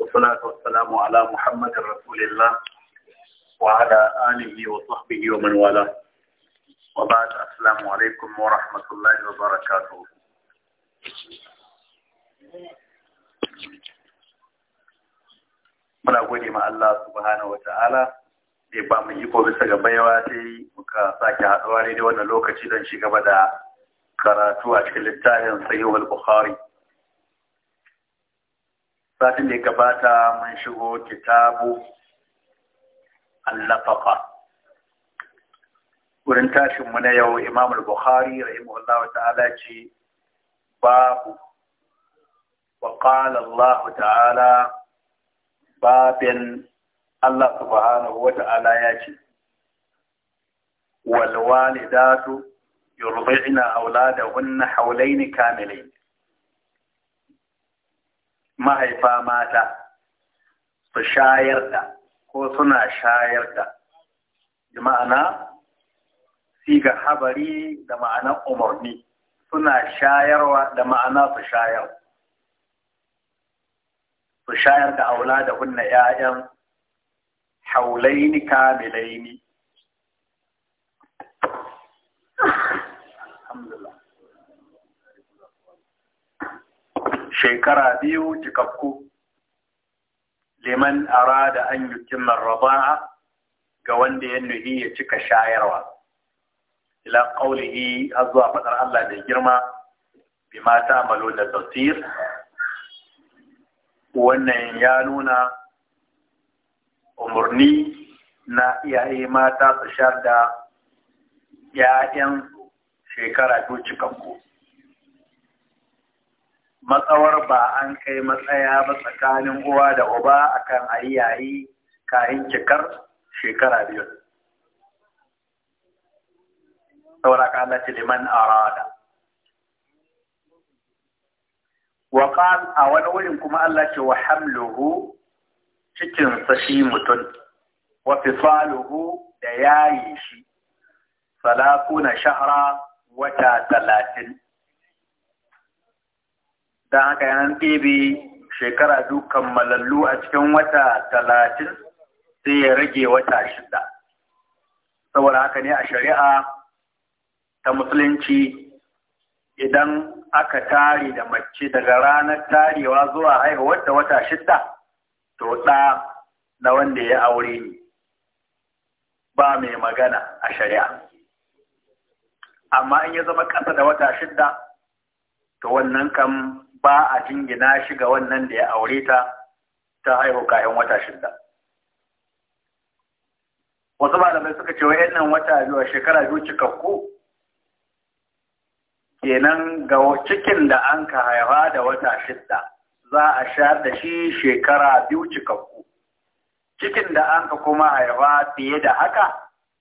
والصلاة والسلام على محمد رسول الله وعلى آله وصحبه ومن والاه وبعد السلام عليكم ورحمة الله وبركاته muna gode ma Allah subhanahu wa ta'ala da ba mu iko bisa ga baiwa ta yi muka sake haɗuwa ne da wannan lokaci don ci gaba da karatu a cikin littafin sahih al-bukhari satin da ya gabata mun shigo kitabu allafaka wurin tashinmu na yau imamul bukhari rahimahullahu ta'ala ce babu wa qala allah ta'ala babin allah subhanahu wa ta'ala ya ce wal yurdi'na auladahunna hawlayn kamilayn mahaifa mata su shayar da ko suna shayar da da ma'ana siga habari da ma'ana umarni suna shayarwa da ma'ana su shayar su shayar da aula da hunna 'ya'yan haulaini kamilaini shekara biyu cikakku liman arada an yutimma raba'a ga wanda ya nuhi ya cika shayarwa ila qaulihi zuwa faɗar Allah da girma mata ta'malu da tafsir wannan ya nuna umarni na iyaye mata su shar da ‘ya'yan shekara biyu cikakku. matsawar ba an kai matsaya ba tsakanin uwa da uba akan ayi yayi kayan cikar shekara biyu saura kala liman arada wa a wani wurin kuma Allah ce wa hamluhu cikin shi mutum wa fisaluhu da yayi shi salakuna shahra wata talatin don haka yan ɗebe shekara dukkan malallu a cikin wata talatin sai ya rage wata shida saboda haka ne a shari'a ta musulunci idan aka tare da mace daga ranar tarewa zuwa haihuwar da wata shida to ɗa na wanda ya aure ne ba mai magana a shari'a amma in ya zama ƙasa da wata shida to wannan kam ba a jingina shi ga wannan da ya aure ta ta haihu kayan wata shida wasu malamai suka ce wa wata biyu a shekara biyu cikakku kenan ga cikin da an ka haifa da wata shida za a sha da shi shekara biyu cikakku cikin da an ka kuma haifa fiye da haka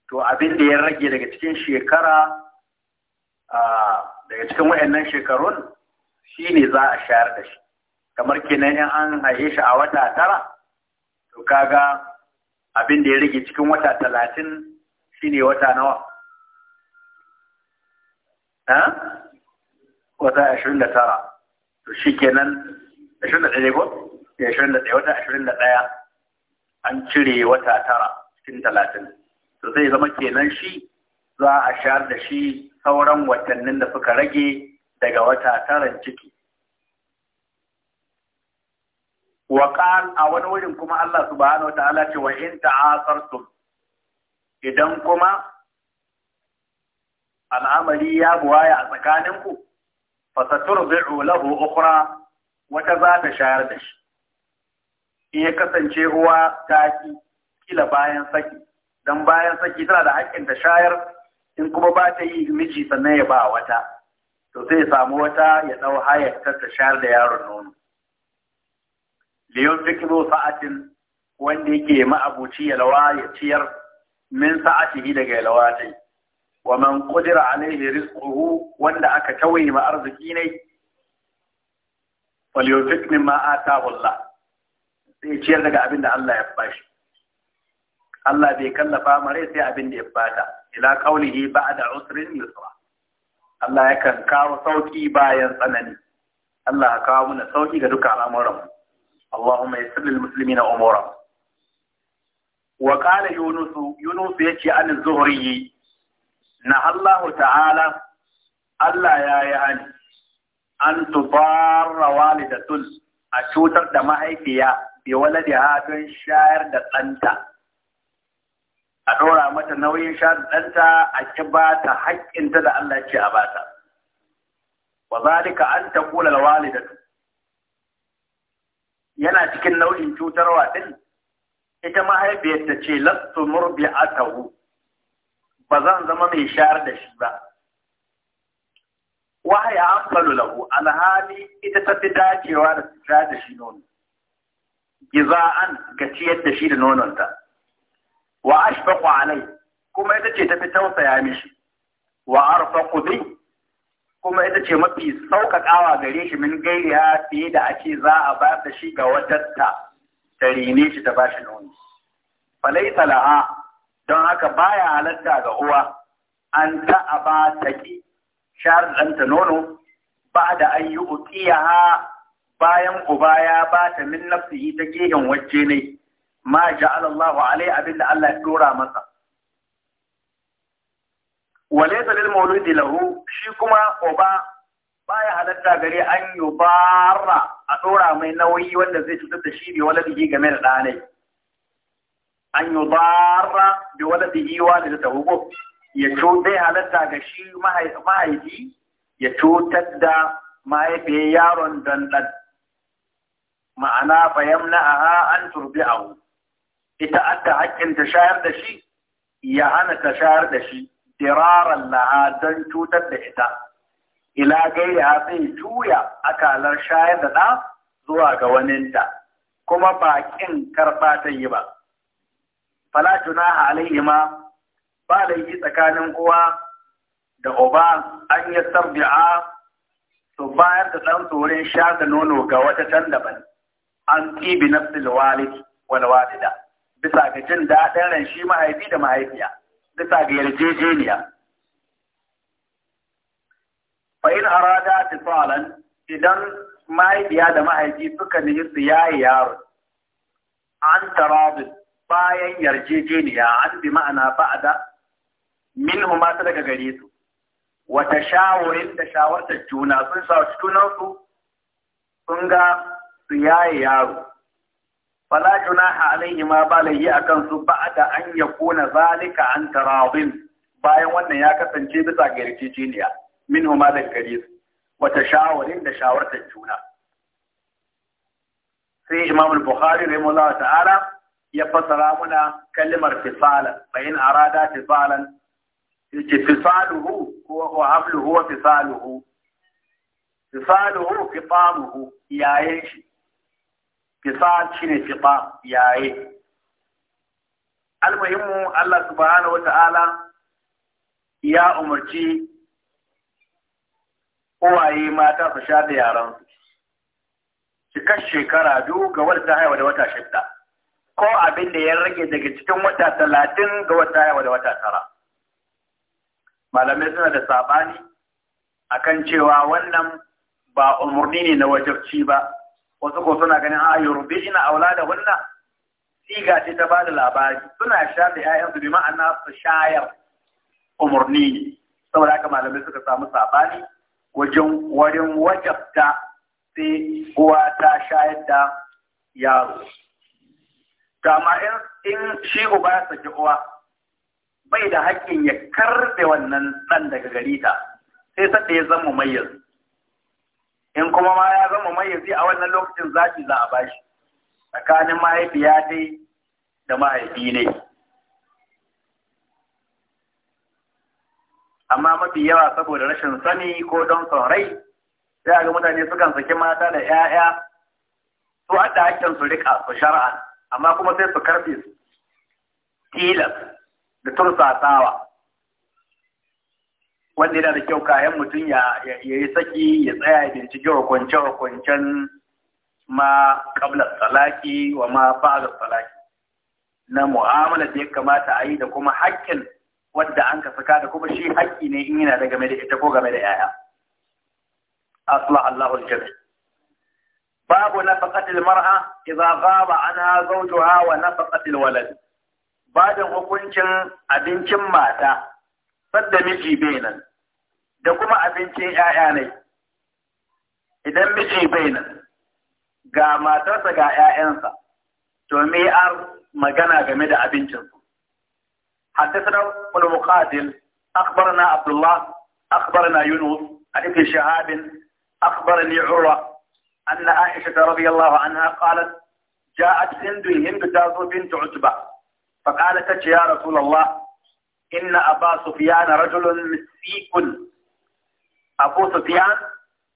to abin da ya rage daga cikin shekara daga cikin wayannan shekarun shi ne za a shayar da shi kamar kenan in an haye shi a wata tara to kaga abin da ya rage cikin wata talatin shi ne wata nawa wata ashirin da tara to shi kenan ashirin da ɗaya ko eh, ashirin da ɗaya wata ashirin da ɗaya an cire wata tara cikin talatin to zai zama kenan shi za a shayar da shi sauran watannin da suka rage daga wata taran ciki wa a wani wurin kuma Allah subhanahu wa ta'ala ce wa in ta'asartum idan kuma al'amari ya buwaya a tsakaninku fasaturbi'u lahu ukhra wata za ta shayar da shi in ya kasance uwa ta ki kila bayan saki dan bayan saki tana da haƙƙin ta shayar in kuma ba ta yi miji sannan ya ba wata to sai ya samu wata ya ɗau hayar ta shayar da yaron nono liyon fikiro sa'atin wanda yake ma'abuci yalwa ya ciyar min sa'atihi daga yalwa ta wa man qadira alaihi rizquhu wanda aka tawaye ma arziki ne ma mimma ta Allah sai ciyar daga abin da Allah ya shi. Allah bai kallafa mare sai abin da ya bata ila qaulihi ba'da usrin yusra Allah yakan kawo sauƙi bayan tsanani Allah ya kawo mana sauki ga duka al'amuran Allahumma yassir lil muslimina umura wa qala yunus yunus yace an zuhri na Allah ta'ala Allah ya yi hani an tubarra walidatul a cutar da mahaifiya bi da don shayar da tsanta. a ɗora mata nauyin shayar ɗanta a ƙi ba ta ta da Allah ce a bata. Wa zalika an ta kula da Yana cikin nau'in cutarwa ɗin, ita mahaifiyar ta ce lattu murbi a atahu ba zan zama mai shayar da shi ba. Wahaya an falu lahu alhali ita ta fi dacewa da shayar da shi nono. Giza'an ga ciyar da shi da nononta. wa ashfaqu alai kuma ita ce tafi tausaya mishi wa arfaqu bi kuma ita ce mafi sauƙaƙawa gare shi min gairiya fiye da ake za a ba da shi ga wadatta ta rene shi ta bashi nono falai talaha don haka baya halatta ga uwa an ta a ba ta ki shar ɗanta nono ba da an yi bayan uba ya ba ta min nafsihi ta gehen wacce ne ma ja'ala Allah alai abinda Allah ya dora masa walaysa lil mawludi lahu shi kuma oba baya halatta gari an yubara a dora mai nauyi wanda zai cutar da shi bi waladihi game da ɗanai an yubara bi waladihi walidatahu ko ya bai halatta ga shi mahaifi ya cutar da mahaifiyar yaron dandan ma'ana bayan na aha an turbi abu ita adda haƙƙin ta shayar da shi ya hana ta shayar da shi diraran laha don cutar da ita ila gaira zai juya akalar shayar da ɗa zuwa ga waninta kuma baƙin karɓa ta yi ba fala junaha alaihima ba laifi tsakanin uwa da uba an yi tarbi'a su bayar da ɗan tsoron sha da nono ga wata can daban an tibi na walid wani walida bisa ga jin daɗin ran shi mahaifi da mahaifiya bisa ga yarjejeniya fain arada tisalan idan mahaifiya da mahaifi suka nihi su yaye yaro an tarabin bayan yarjejeniya an bi ma'ana da min huma ta daga gare su wata shawarin da shawartar juna sun sa junansu sun ga su yaye yaro fala junaha alaihi ma ba laihi akan su da an yakuna zalika an tarawin, bayan wannan ya kasance bisa ga yarjejeniya min huma da gare su wata shawarin da shawartar juna sai imam al-bukhari rahimahullah ta'ala ya fasara muna kalmar fisalan bayan arada fisalan yake fisaluhu ko wa habluhu wa fisaluhu fisaluhu qitamuhu yayin shi fisa shine fiqa yaye almuhimmu Allah subhanahu wata'ala ya umarci uwaye mata su sha da yaran su cikar shekara biyu ga wata ta haiwa da wata shidda ko abin da ya rage daga cikin wata talatin ga wata haihuwa da wata tara malamai suna da saɓani akan cewa wannan ba umarni ne na wajabci ba wasu ko suna ganin a yorubi ina aula da wannan siga ce ta bada labari suna shafe ƴaƴansu bi ma'ana su shayar umarni ne saboda haka malamai suka samu sabani wajen warin wajabta sai uwa ta shayar da yaro kama in shi uba ya saki uwa bai da haƙƙin ya karbe wannan ɗan daga gari ta sai sadda ya zama mayyar in kuma ma ya zama mayyazi a wannan lokacin zafi za a bashi tsakanin mahaifiya ne da mahaifi ne amma mafi yawa saboda rashin sani ko don son rai sai ga mutane sukan saki mata da 'ya'ya su hada hakkin su rika su shara'a, amma kuma sai su karfe tilas da tursasawa. wanda yana da kyau kayan mutum ya yi saki ya tsaya ya kwance-wa kwancen, ma kabla salaki wa ma ba'da salaki na mu'amala da ya kamata a yi da kuma haƙƙin wadda an ka saka da kuma shi haƙƙi ne in yana da game da ita ko game da yaya asla Allahu al babu nafaqatil mar'a idza ghaba zautawa zawjuha wa nafaqatil walad badan hukuncin abincin mata sadda miji bai nan da kuma abincin ‘ya'ya ne idan miji bai nan ga أر ga ‘ya'yansa to حدثنا ابن مقاتل أخبرنا عبد الله أخبرنا يونس عن شهاب أخبرني عروة أن عائشة رضي الله عنها قالت جاءت هند الهند تازو بنت عتبة فقالت يا رسول الله inna aba sufyan rajulun misikun abu Sufiyan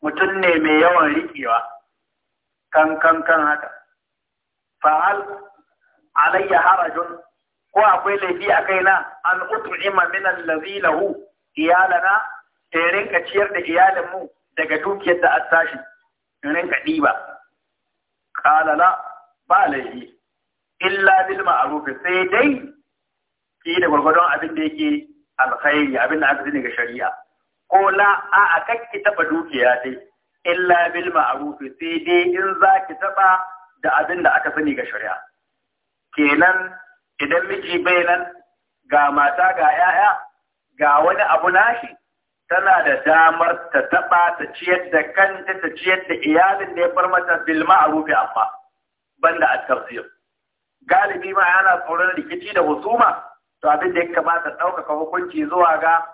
mutum ne mai yawan rikewa kan kan kan haka fa'al alayya harajun ko akwai laifi a kaina an ima min allazi lahu iyalana in rinka ciyar da iyalinmu daga dukiyar da an tashi in rinka ɗiba qala la ba laifi illa bil ma'ruf sai dai shi da gwargwadon abin da yake alkhairi abin da aka zini ga shari'a ko la a a kakki taba dukiya dai illa bil ma'ruf sai dai in za ki taba da abin da aka sani ga shari'a kenan idan miji bai nan ga mata ga yaya ga wani abu nashi tana da damar ta taba ta ciyar da kanta ta ciyar da iyalin da ya bar mata bil ma'ruf amma banda at-tafsir galibi ma yana tsoron rikici da husuma to abin da ya kamata ɗaukaka hukunci zuwa ga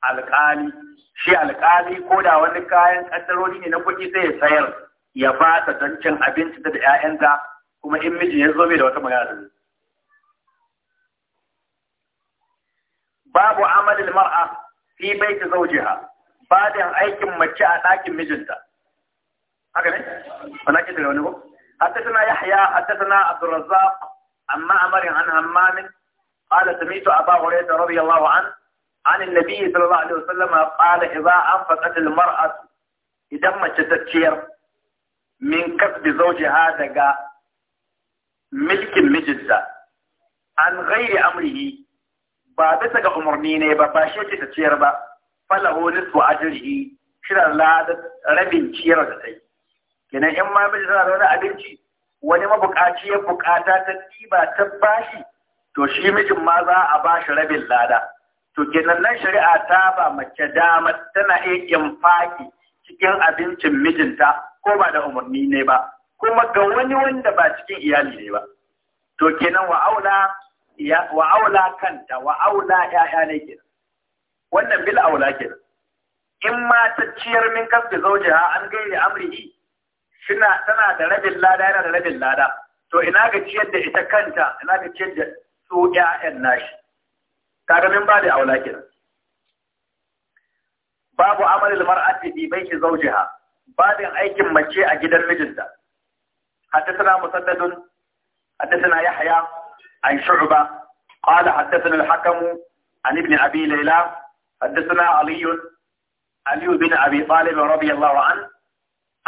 alƙali shi alƙali ko da wani kayan ƙaddarori ne na kuɗi sai ya sayar ya ba ta don cin abinci da 'ya'yanta kuma in miji ya zo mai da wata magana da babu amalin mar'a fi ha ba da aikin mace a ɗakin mijinta haka ne wannan kitin wani ko حدثنا yahya hatta عبد الرزاق amma amarin an همام قال سمعت أبا هريرة رضي الله عنه عن النبي صلى الله عليه وسلم قال إذا أنفقت المرأة إذا ما تتشير من كسب زوجها دقا ملك مجلسة عن غير أمره بعد سقى أمرنين بباشية تتشير با فله نصف أجره shirin ladar rabin ciyar da sai kenan in ma miji tana da wani abinci wani mabukaci ya bukata ta ɗiba ta bashi to shi mijin ma za a ba shi rabin lada to kenan nan shari'a ta ba mace damar tana iya infaki cikin abincin mijinta ko ba da umarni ne ba kuma ga wani wanda ba cikin iyali ne ba to kenan wa'aula wa aula kanta wa aula ya'ya ne kenan wannan bil aula kenan in ma ta ciyar min kasbi zawjiha an gairi amrihi shina tana da rabin lada yana da rabin lada to ina ga ciyar da ita kanta ina ga ciyar da su ƴaƴan nashi kaga min ba da aula kenan babu amalil mar'ati bi baiti zawjiha babin aikin mace a gidan mijinta حدثنا مسدد حدثنا يحيى عن شعبة قال حدثنا الحكم عن ابن أبي ليلى حدثنا علي علي بن أبي طالب رضي الله عنه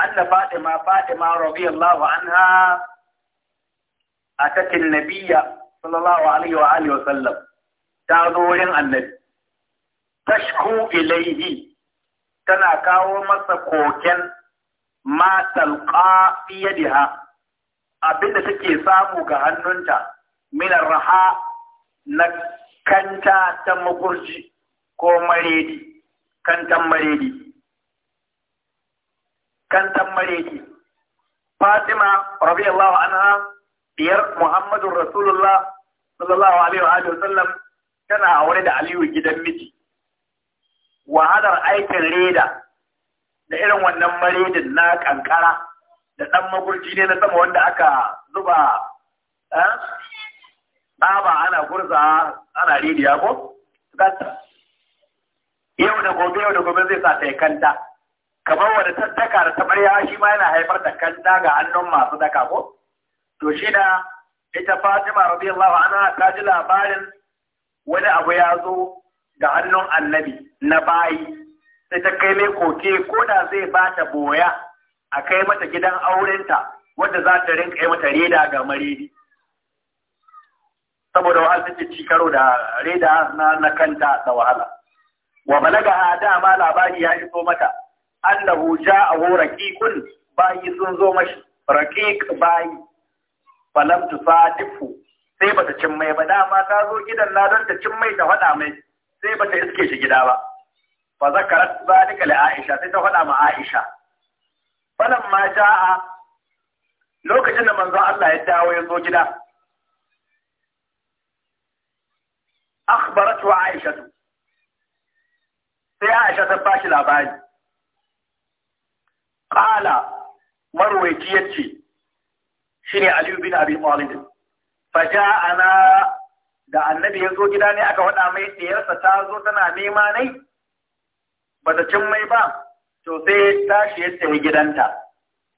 أن فاطمة فاطمة رضي الله عنها أتت النبي sallallahu alaihi wa alihi wa sallam ta zo wurin annabi tashku ilaihi tana kawo masa koken ma talqa fi yadiha abinda take samu ga hannunta min raha na kanta ta makurji ko maredi kantan maredi kantan maredi Fatima radiyallahu anha diyar Muhammadu Rasulullah sallallahu alaihi wa alihi tana aure da Aliyu gidan miji wahalar aikin reda da irin wannan maredin na kankara da dan magurji ne na sama wanda aka zuba eh ba ana gurza ana rediya ko yau da gobe yau da gobe zai sa ta yi kanta kamar wanda tattaka daka da ta barya shi ma yana haifar da kanta ga annon masu daka ko to shi da ita Fatima radiyallahu anha ta ji labarin wani abu ya zo da hannun annabi na bayi sai ta kai mai koke ko da zai ba ta boya a kai mata gidan aurenta wanda za ta rinka yi mata reda ga maridi saboda wahala take ci karo da reda na, kanta da wahala wa balaga da dama labari ya iso mata annahu ja'ahu raqiqun bayi sun zo mashi raqiq bayi falam tu sadifu sai bata cin mai ba dama ta zo gidan na don ta cin mai ta faɗa mai sai bata iske shi gida ba fa zakarat zalika li Aisha sai ta faɗa ma Aisha falam ma ja'a lokacin da manzo Allah ya dawo ya zo gida wa Aisha sai Aisha ta bashi labari qala marwayi yace shine Aliyu bin Abi Talib Ana da annabi ya zo gida ne aka faɗa mai ɗiyarsa ta zo tana nema ne ba ta cin mai ba to sai tashi ya tsaye gidanta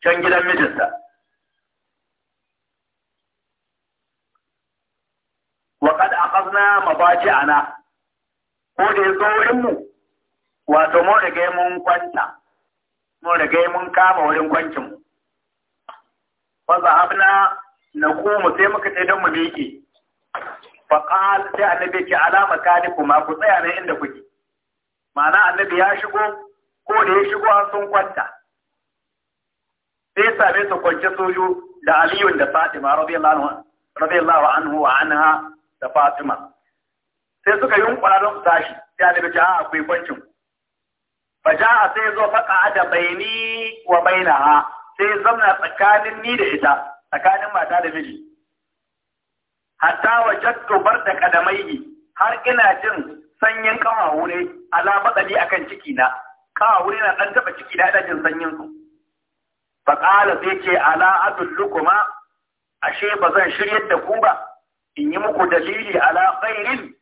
can gidan mijinta wa kad akhadna mabaji'ana ko da yazo wurin mu wato mu riga mun kwanta mu riga mun kama wurin kwancin mu fa zahabna naqumu sai muka ce don mu miƙe fa qal sai annabi ka ala kuma ku tsaya ne inda kuke ma'ana annabi ya shigo ko da ya shigo an sun kwanta sai same su kwance soyu da Aliyu da Fatima radiyallahu anhu wa anha da Fatima sai suka yi yunkura don su tashi sai annabi ya akwai kwancin fa ja'a sai zo faqa'ada bayni wa bainaha sai ya zamna tsakanin ni da ita tsakanin mata da miji hatta wa da kadamai kadamaihi har ina jin sanyin kawawu ne ala badali akan ciki na kawawu na dan taba ciki da ina jin sanyin su fa qala sai ce ala adullukuma ashe bazan shiryar da ku ba in yi muku dalili ala khairin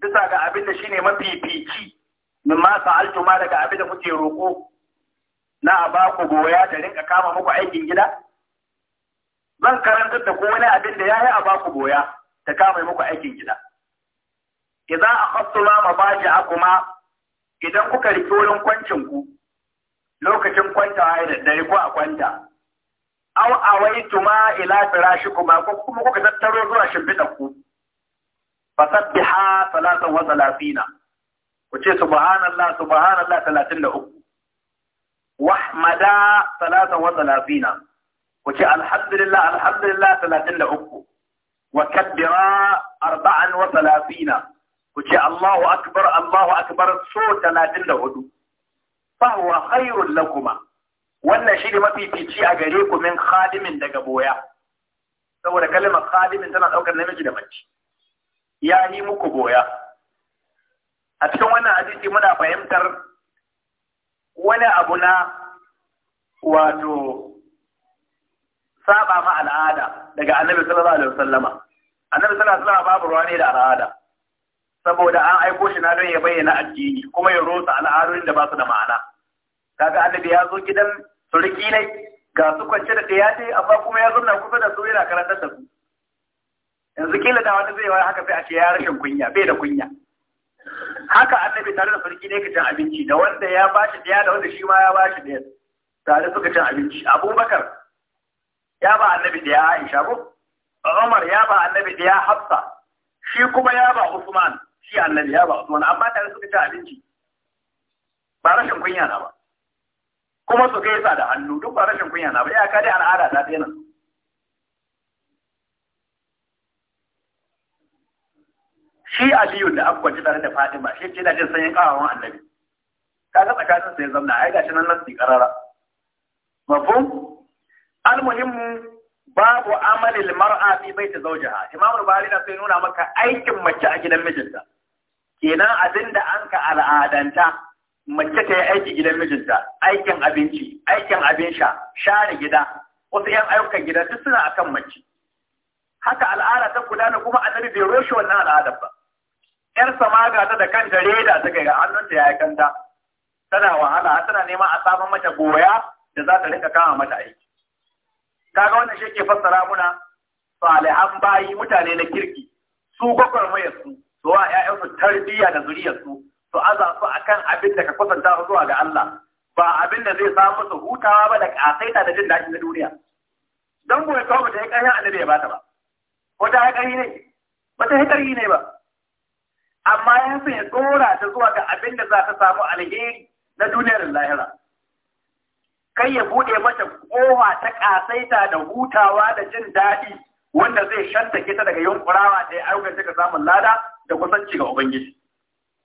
bisa ga abin da shine mafifici min ma sa'altu ma daga abin da kuke roko na a ba ku goya ta rinka kama muku aikin gida? Zan karanta da ko wani abin da ya yi a ba ku goya ta kama muku aikin gida. Iza a hasula ma ba ji kuma idan kuka riƙe wurin kwancin ku lokacin kwantawa ya daddare ko a kwanta. Au tuma ila kuma, ko kuma kuka tattaro zuwa Ba ku. Fasabbiha salatan wa salafina. Ku ce subhanallah subhanallah talatin da uku. wahmada salatan wa salafina ku ce alhamdulillah alhamdulillah talatin da uku wa kabbira arba'an ku ce Allahu akbar Allahu akbar so talatin da hudu fa huwa khairul lakuma wannan shi ne mafifici a gare ku min khadimin daga boya saboda kalimar khadimin tana daukar namiji da mace ya yi muku boya a cikin wannan hadisi muna fahimtar wani abu na wato saba ma al'ada daga annabi sallallahu alaihi wasallama annabi sallallahu alaihi wasallama babu ruwa ne da al'ada saboda an aiko shi na don ya bayyana addini kuma ya rotsa al'adun da basu da ma'ana kaga annabi ya zo gidan suriki ne ga su kwance da ɗaya ce amma kuma ya zauna kusa da su yana karantar da su yanzu kila da wani zai yi haka sai a ce ya rashin kunya bai da kunya haka annabi tare da sarki ne ka cin abinci da wanda ya shi daya da wanda shi ma ya ba shi daya tare suka cin abinci abubakar ya ba annabi daya aisha ko umar ya ba annabi daya hafsa shi kuma ya ba usman shi annabi ya ba usman amma tare suka cin abinci ba rashin kunya na ba kuma su sa da hannu duk ba rashin kunya na ba ya ka dai al'ada ta tsaye shi aliyu da abu kwanci tare da fatima shi ce da jin sanyin kawawan annabi ka ga tsakanin sai zamna ai gashi nan nan karara mafhum almuhimmu babu amalil mar'a fi baiti zawjiha imam al-bukhari da sai nuna maka aikin mace a gidan mijinta kenan abinda an ka al'adanta mace ta yi aiki gidan mijinta aikin abinci aikin abin sha share gida wasu 'yan ayyukan gida duk suna akan mace haka al'ada ta gudana kuma annabi bai roshe wannan al'adar ba yar samaga ta da kanta reda ta kai ga hannunta ya kanta tana wahala tana neman a samun mata goya da za ta rika kama mata aiki kaga wannan shi ke fassara muna salihan bayi mutane na kirki su gwagwarmayar su su wa tarbiyya da zuri'yarsu, su su aza su akan abin da ka kwatanta zuwa ga Allah ba abin da zai samu su hutawa ba da kasaita da jin daɗi na duniya dan kawai ta yi ƙarfin annabi ya bata ba ko ta ne ba ta ne ba amma yanzu ya tsora ta zuwa ga abin da za ta samu alheri na duniyar lahira kai ya buɗe mata kowa ta kasaita da hutawa da jin daɗi wanda zai shanta kita daga yunkurawa da ya ayyukan ta samun lada da kusanci ga ubangiji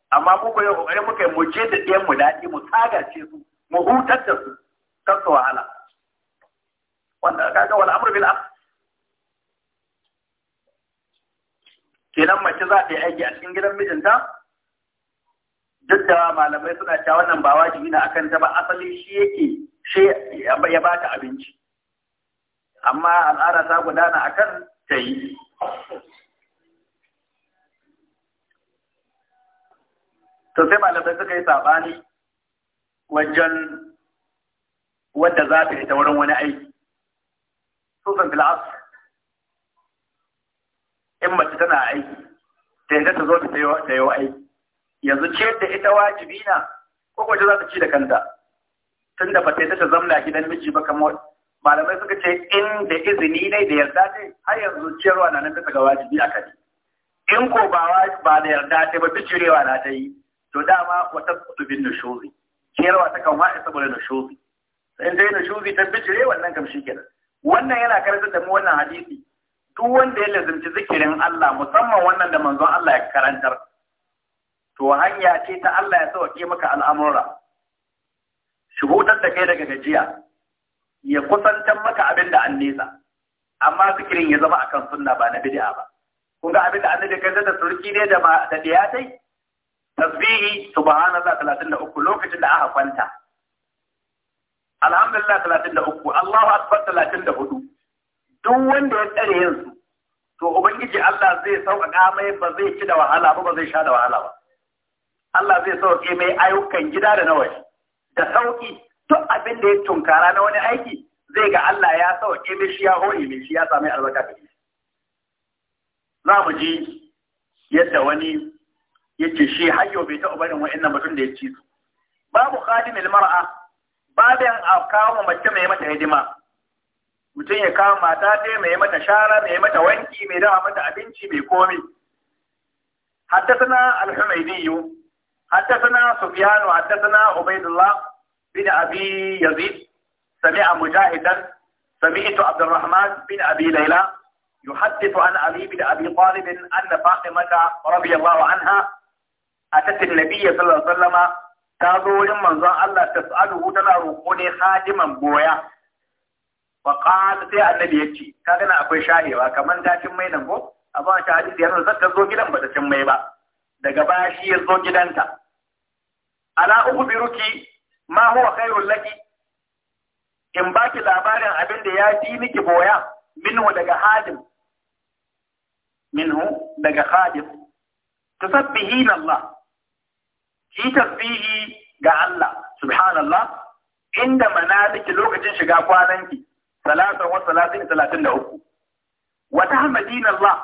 amma mu ko kokarin muka mu je da ɗiyan mu daɗi mu tsagace su mu hutar da su su wahala wanda ka ga amru bil kenan mace za ta yi aiki a cikin gidan mijinta duk da malamai suna cewa wannan ba wajibi na akan ta ba asali shi yake shi ya ba ta abinci amma al'ada ta gudana akan ta yi to sai malamai suka yi sabani wajen wadda za ta yi ta wurin wani aiki Sun fil in mace tana aiki ta yadda ta zo ta yi aiki yanzu ce da ita wajibi na ko kwace za ta ci da kanta tun da ba ta ta zamna gidan miji ba kamar malamai suka ce in da izini ne da yarda ne? har yanzu ciyarwa na nan ta ga wajibi a kai in ko ba ba da yarda ta ba bijirewa na ta yi to dama wata kutubin nushuzi ciyarwa ta kan wa'a saboda nushuzi in dai nushuzi ta bijire wannan kam kenan wannan yana karantar da mu wannan hadisi duk wanda ya lazimci zikirin Allah musamman wannan da manzon Allah ya karantar to hanya ce ta Allah ya sauke maka al'amura shubutar da kai daga gajiya ya kusantar maka abin da an nesa amma zikirin ya zama akan sunna ba na bid'a ba kun ga abin da annabi kai da surki ne da da diyatai tasbihi subhanallah 33 lokacin da aka kwanta alhamdulillah 33 Allahu akbar 34 duk wanda ya tsare yanzu to ubangiji Allah zai sauƙaƙa mai ba zai ci da wahala ba ba zai sha da wahala ba Allah zai sauƙe mai ayyukan gida da na waje da sauƙi duk abin da ya tunkara na wani aiki zai ga Allah ya sauƙe mai shi ya hori mai shi ya sami albarka da shi za mu ji yadda wani yake shi hayyo bai taɓa barin wa'annan mutum da ya ci su babu khadimil mar'a babin a kawo mace mai mata hidima mutum ya kama mata ɗaya mai mata shara mai mata wanki mai dawa mata abinci mai komi حدثنا الحميدي حدثنا سفيان وحدثنا عبيد الله بن أبي يزيد سمع مجاهدا سمعت عبد الرحمن بن أبي ليلى يحدث عن علي بن أبي طالب أن فاطمة رضي الله عنها أتت النبي صلى الله عليه وسلم تازو من الله تسأله تنا روحوني خادما بويا faqala sai annabi ya ce kaga na akwai shahewa kamar dacin mai nan ko amma ta hadisi yana zaka zo gidan ba da cin mai ba daga baya shi ya zo gidanta ala ukhbiruki ma huwa khairul laki in baki labarin abin da ya fi miki boya minhu daga hadim minhu daga hadim Allah ki tasbihi ga Allah subhanallah inda manaliki lokacin shiga kwananki salatan wa salatin talatin da uku wa tahmadina Allah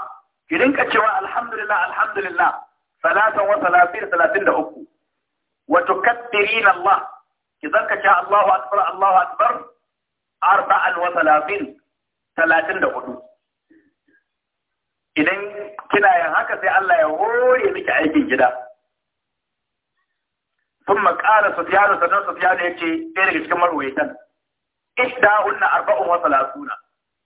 ki rinka cewa alhamdulillah alhamdulillah salatan wa salatin talatin da uku wa tukabbirina Allah ki zanka cewa Allahu akbar Allahu akbar arba'an wa salatin da hudu idan kina yin haka sai Allah ya hore miki aikin gida ثم قال سفيان سنن سفيان يجي ɗaya daga cikin marwayatan ihdahunna arba'un wa salasuna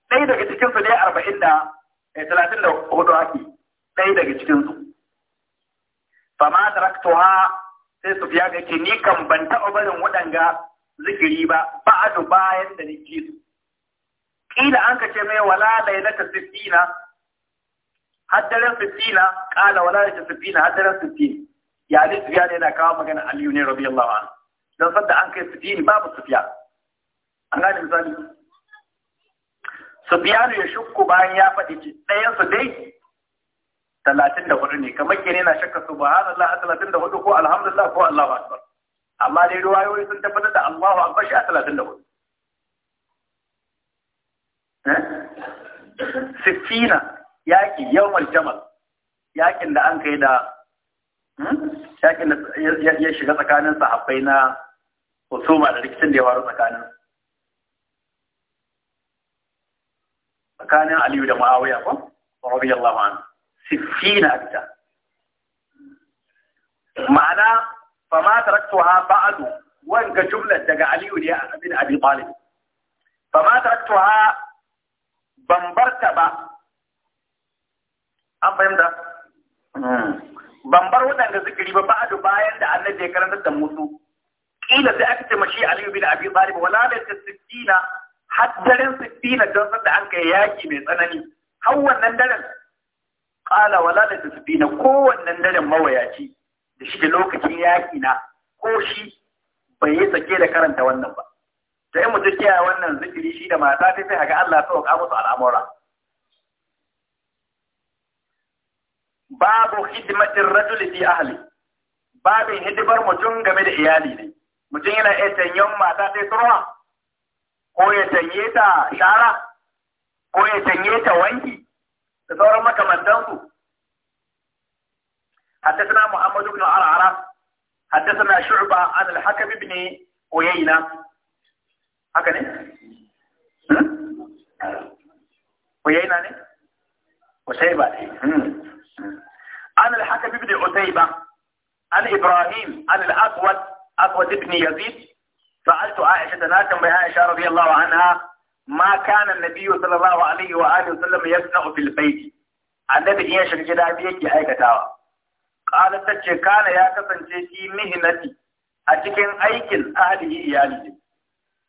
ɗaya daga cikin su ne arba'in da eh, talatin da hudu ake ɗaya daga cikin su fama taraktuha sai su fiya ga ke ni kan ban taɓa barin waɗanga zikiri ba ba'adu bayan da ni ke su kila an ka ce mai wala lailata sittina haddaren sittina kala wala lailata sittina haddaren sittina ya ne sufiya ne yana kawo magana aliyu ne radiyallahu anhu dan sanda an kai sittini babu sufiya an gane misali Sufiyanu ya shukku bayan ya faɗi ɗayan su dai talatin da hudu ne kamar ke ne na shakka subhanallah a talatin da hudu ko alhamdulillah ko allahu akbar amma dai ruwayoyi sun tabbatar da allahu akbar shi a talatin da hudu eh? sittina yaƙi yawmal jamal yaƙin da an kai da hmm? yaƙin da ya shiga tsakanin sahabbai na husuma da rikicin da ya faru tsakanin كان علي بن معاوية رضي الله عنه ستين أجزاء معنى فما تركتها بعد وان جملة دقى علي بن أبي طالب فما تركتها بمبرتبة أم فهم ده بمبر وانا ذكري بعد باين ده أنا ذكرنا ده إلى قيل مشي علي بن أبي طالب ولا بيت الستين haddarin sifina don san da an kai yaƙi mai tsanani har wannan daren ƙala wala da sifina ko wannan daren mawayaci da shi lokacin yaƙi na ko shi bai yi sake da karanta wannan ba sai mutum kiyaye wannan zikiri shi da mata ta sai ga Allah ta waka musu al'amura babu hidimatin rajuli fi ahli babin hidimar mutum game da iyali ne mutum yana iya tanyan mata ta turwa ko ya canye ta shara ko ya canye ta wanki da sauran makamantansu حدثنا محمد بن عرعرة حدثنا شعبة عن الحكم بن عيينة هكذا عيينة ne? وشيبة عن الحكم بن عتيبة عن إبراهيم عن الأسود أسود بن يزيد sa'altu Aisha da na tambayi Aisha radiyallahu anha ma kana nabiyyu sallallahu alaihi wa alihi wasallam yasna'u fil baiti annabi in ya shiga gida bi aikatawa qalat tace kana ya kasance shi a cikin aikin ahli iyali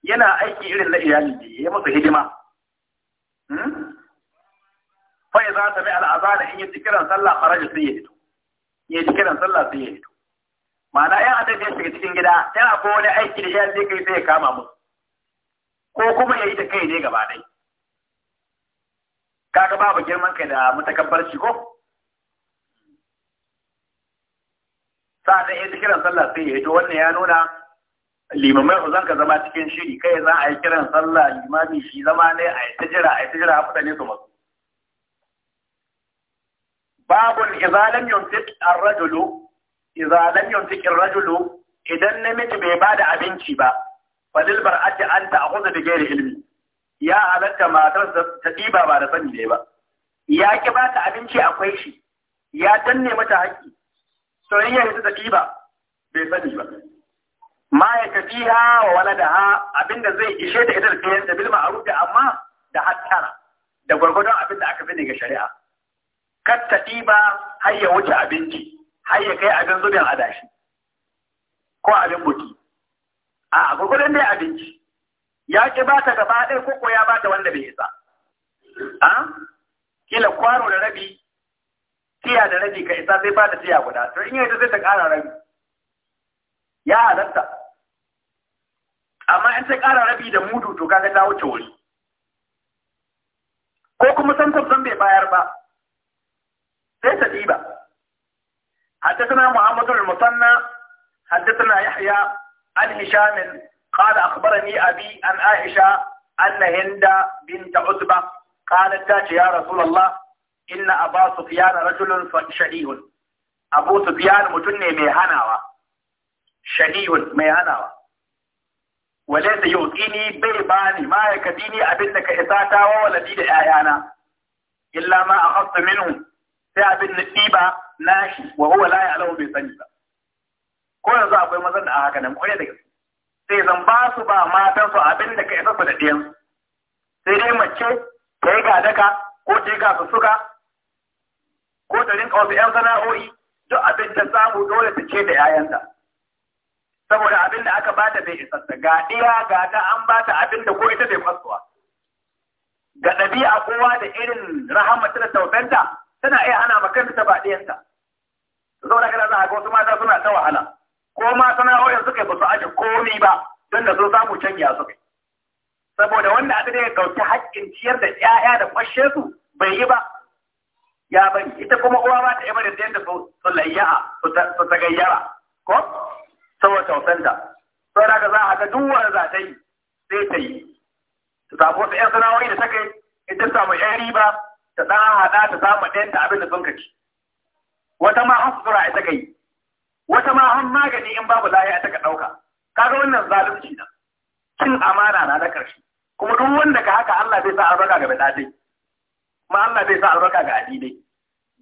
yana aiki irin na iyali ne ya musu hidima hmm? fa idza sami al azan in yi sallah ma'ana yan a tafiya shiga cikin gida yana ko wani aiki da ya zai kai sai ya kama mu ko kuma ya yi da kai ne gaba ɗai kaga babu girman kai da mutakabbarci ko sa'adan ya kiran sallah sai ya yi to wannan ya nuna limamai ku ka zama cikin shiri kai za a yi kiran sallah limami shi zama ne a yi ta jira a yi ta jira a ne su masu babun izalam yunfit ar-rajulu idza lam yunfiq ar-rajulu idan namiji bai ba da abinci ba falil bar'ati an ta'khudha bi ghairi ilmi ya halatta matar ta ba da sani ne ba ya ki bata abinci akwai shi ya danne mata haƙƙi soyayya ta diba bai sani ba ma ya tafiha wa waladaha abinda zai ishe da ita da fiyan da bil ma'ruf amma da hattara da gwargwadon abin da aka fi daga shari'a kar ta diba har ya wuce abinci har ya kai abin zubin adashi ko abin buki a gurgurin dai abinci ya ke ba ta gaba ɗaya ko ya ba ta wanda bai isa a kila kwaro da rabi tiya da rabi ka isa sai ba ta tiya guda to in yaita zai ta ƙara rabi ya halatta amma in ta ƙara rabi da mudu to kaga ta wuce wuri ko kuma san bai bayar ba sai ta ɗiba حدثنا محمد المثنى حدثنا يحيى عن هشام قال أخبرني أبي عن عائشة أن هند بنت عتبة قالت تاتي يا رسول الله إن أبا سفيان رجل شديد أبو سفيان متني ميهنوا شديد ميهنوا وليس يعطيني بيباني ما يكفيني أبنك إساتا وولدي لآيانا إلا ما أخذت منه سأبن الإيبة nashi wa huwa la ya'lamu bi sani ba ko yanzu akwai mazan da haka nan kwarai da gaske sai zan ba su ba matan su abin ka isa da diyan sai dai mace ta yi gadaka ko ta yi su suka ko ta rinka wasu 'yan sana'o'i duk abin da samu dole ta ce da 'ya'yanta saboda abin da aka bata bai isassa ga ɗiya ga ta an bata abin da ko ita bai fasuwa ga ɗabi'a kowa da irin rahamata da tausanta tana iya hana makanta ta ba ɗiyanta Zauna kana za a ga wasu mata suna ta wahala ko ma sana'o'in suka ba su aje komi ba don da sun samu canja su saboda wanda aka daga dauki haƙƙin ciyar da ƴaƴa da kwashe su bai yi ba ya bari ita kuma uwa ba ta yi bari da yadda su layya'a su ta gayyara ko sau tausanta saboda ka za a ga duk wani za ta yi sai ta yi ta samu wasu ƴan sana'o'i da ta kai ita samu ƴan riba ta ɗan haɗa ta samu ɗan ta abin da sun kaci wata ma an sutura ita kai wata ma an magani in babu a ita ka ɗauka kaga wannan zalunci na cin amana na na ƙarshe. kuma duk wanda ka haka Allah zai sa albarka ga bidadai kuma Allah zai sa albarka ga addinai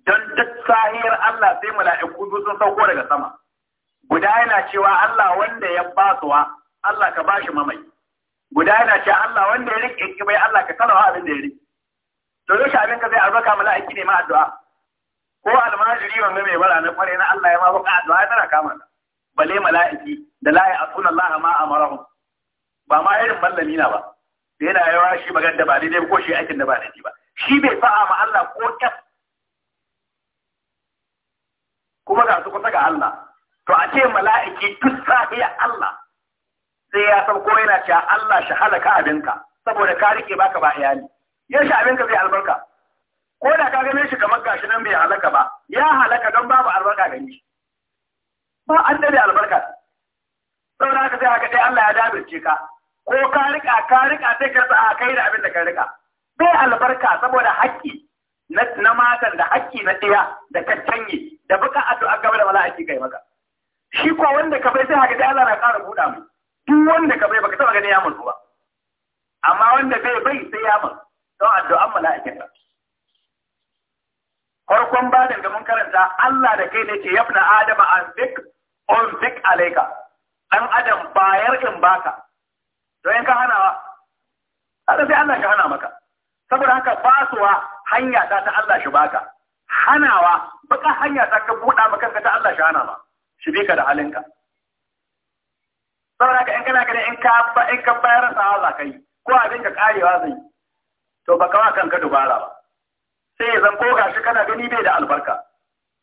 don duk sahiyar Allah sai mala'iku sun sauko daga sama guda yana cewa Allah wanda ya basuwa Allah ka bashi mamai guda yana cewa Allah wanda ya rike kibai Allah ka karawa abin da ya rike to yau abin ka zai albarka mala'iki ne ma addu'a ko almajiri wanga mai bara na kware na Allah ya ma baka addu'a tana kama ta bale mala'iki da la ya'tuna Allah ma amarahum ba ma irin mallami na ba da yana yawa shi magana da ba daidai ko shi aikin da ba daidai ba shi bai fa'a ma Allah ko kyaf kuma ga su kusa ga Allah to a ce mala'iki duk sahiya Allah sai ya san ko yana cewa Allah shi halaka abinka saboda ka rike baka ba iyali yan shi abinka zai albarka ko da ka gane shi kamar gashi nan bai halaka ba ya halaka don babu albarka gani shi ba an dade albarka sau da haka sai haka dai Allah ya dabirce ka ko ka rika ka rika sai ka sa kai da abin da ka rika bai albarka saboda haƙƙi na matan da haƙƙi na ɗaya da ka canye da baka addu'a gaba da mala'iki kai maka shi ko wanda ka bai sai haka dai Allah na ƙara buɗa mu duk wanda ka bai baka taba gani ya mutu ba amma wanda bai bai sai ya mutu don addu'an mala'ikin ka farkon ba da mun karanta Allah da kai ne ce yafna adama an dik on dik alaika dan adam bayar in baka to in ka wa? Allah sai Allah ka hana maka saboda haka basuwa hanya ta ta Allah shi baka hanawa baka hanya ta ka buɗa maka kanka ta Allah shi hana ma shi bi ka da halinka saboda haka in kana ganin in ka in ka bayar sa za ka yi ko abin ka karewa zai to baka wa kanka dubara ba sai ya zan ko gashi kana gani bai da albarka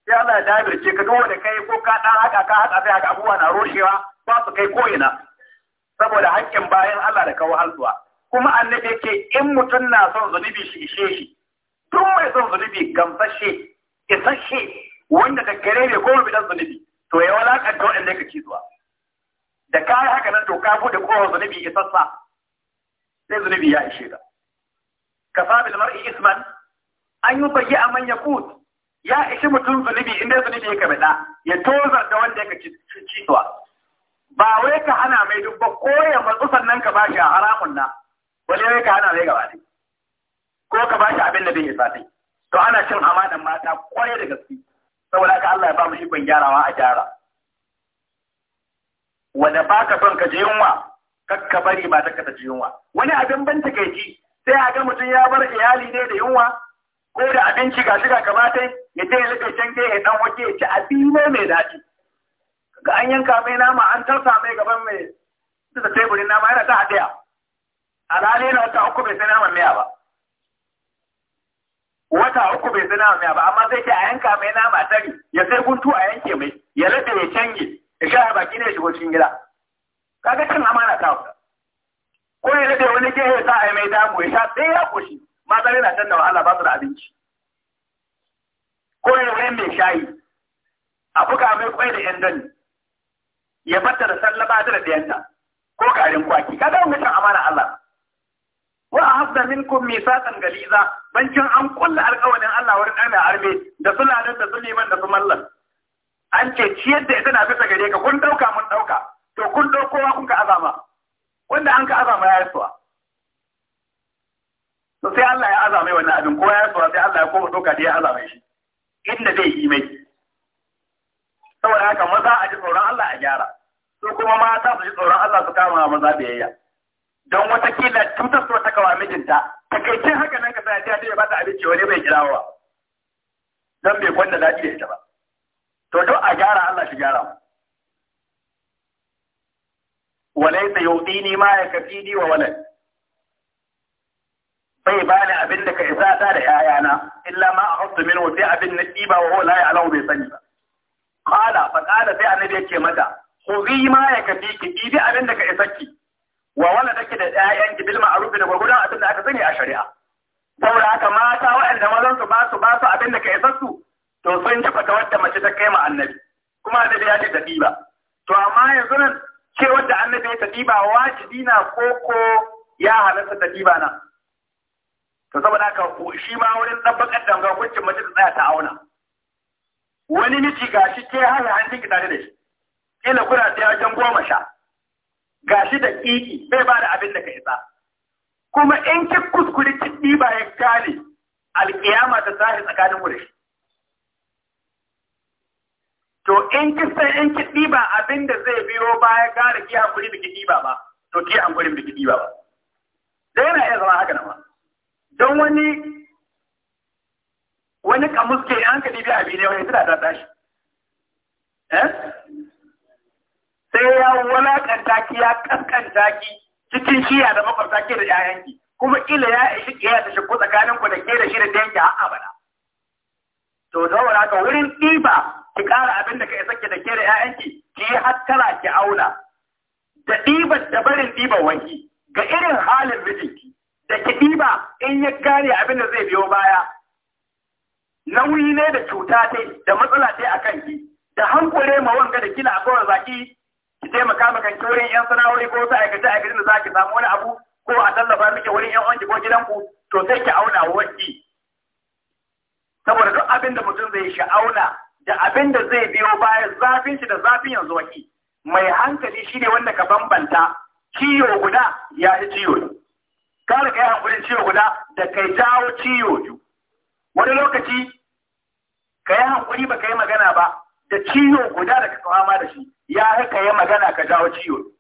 sai Allah ya dabirce ka dole kai ko ka dan haka ka haka sai haka abubuwa na roshewa ba su kai ko ina saboda haƙƙin bayan Allah da kawo halzuwa kuma annabi yake in mutum na son zunubi shi ishe shi duk mai son zunubi gamsashe isasshe wanda da gare ne ko bi zunubi to ya walakanta waɗanda yake ci zuwa da ka yi haka nan to ka bude kowar zunubi isassa sai zunubi ya ishe ka ka sabi mar'i isman an yi bayi a manya kut ya ishi mutum zunubi inda zunubi yake bada ya tozar da wanda yake citowa ba wai ka hana mai duk ba ko ya matsu sannan ka bashi a haramun na wani wai ka hana mai gaba ne ko ka bashi abin da bai isa to ana cin amanan mata kwarai da gaske saboda haka Allah ya ba mu ikon gyarawa a gyara wanda baka son ka je yunwa kakka bari ba ta ka ta ji yunwa wani abin ban takeici sai a ga mutum ya bar iyali ne da yunwa ko da abinci ga shiga kamata ya je ya rika can ya dan wake ya ci abinai mai daɗi ga an yanka mai nama an tarsa mai gaban mai da teburin nama yana ta haɗiya alhali na wata uku bai sai nama miya ba wata uku bai sai naman miya ba amma sai ke a yanka mai nama tari ya sai guntu a yanke mai ya rike ya canje ya sha baki ne ya shigo cikin gida kaga cin amana ta ko ya rike wani gehe sa a mai damu ya sha sai ya koshi mata yana canza wahala ba su da abinci ko ya mai shayi a buga mai kwai da yan dani ya batta da sallaba ta da ɗayanta ko karin kwaki kaga mutum amana Allah wa ahadda minkum misaqan galiza bancin an kulla alkawalin Allah wurin ɗana arbe da nan da neman da su mallan an ce ciyar da ita na fita gare ka kun ɗauka mun ɗauka to kun ɗauko wa kun ka azama wanda an ka azama ya yi suwa to sai Allah ya azame wannan abin ko ya tsora sai Allah ya koma doka da ya azame shi inda zai yi mai saboda haka maza a ji tsoron Allah a gyara su kuma mata su ji tsoron Allah su kama maza biyayya don wata kila tutar so ta kawa mijinta takaicin haka nan ka sa ta ce ba ta abinci wani bai wa dan bai kwanda daɗi da ita ba to don a gyara Allah shi gyara mu وليس يعطيني ما wa وولد bai bani abin da ka isa ta da yayana illa ma ahaddu minhu sai abin na tsiba wa huwa la ya'lamu bai sani ba qala fa qala sai annabi yake mata khudhi ma yakfiki idi abin da ka isaki wa waladaki da ƴaƴanki bil ma'ruf da gurgudan abin da aka sani a shari'a saboda haka mata waɗanda mazan su ba su ba su abin da ka isassu to sun ji fata wadda mace ta kai ma annabi kuma annabi ya ce ta ɗiba to amma yanzu nan ce wadda annabi ya ta ɗiba wajibi na ko ko ya halatta ta ɗiba na to saboda haka shi ma wurin ɗabbaƙar ga hukuncin mace ta tsaya ta auna wani miji ga shi ke hana hannun ki tare da shi kila kuna sai wajen goma sha ga shi da kiki bai ba da abin da ka isa kuma in ki kuskure ki ɗiba ya gane alƙiyama ta tsari tsakanin mu da shi to in ki san in ki ba abin da zai biyo baya gane ki hakuri da ki ɗiba ba to ki hankulin da ki ɗiba ba da yana iya zama haka na ma don wani wani kamus ke ka dibi abi ne wani tana da tashi eh? sai ya kanta ki ya kaskanta ki cikin shiya da makwabta ke da 'ya'yanki kuma ila ya ishi ya ta ko tsakanin ku da ke da shi da danki a'a abada to wala ka wurin diba ki ƙara abin da ka isa ke da ke da 'ya'yanki ki yi hattara ki auna da ɗibar da barin diban wanki ga irin halin mijinki da ba in ya kare abin da zai biyo baya nauyi ne da cuta ce da matsala ce a kan ki, da hankuli ma wanga da kila akwai zaki ki taimaka maka ki wurin yan sana'o'i ko sa aikace gidan da zaki samu wani abu ko a tallafa miki wurin yan uwanki ko gidanku to sai ki auna wanki saboda duk abin da mutum zai sha'auna da abin da zai biyo baya zafin shi da zafin yanzu waki mai hankali shine wanda ka bambanta ciwo guda ya ci ciwo ne kare ka yi ciwo guda da kai jawo ciwo biyu wani lokaci ka yi hankuli ba ka yi magana ba da ciwo guda da ka fama da shi ya ka yi magana ka jawo ciwo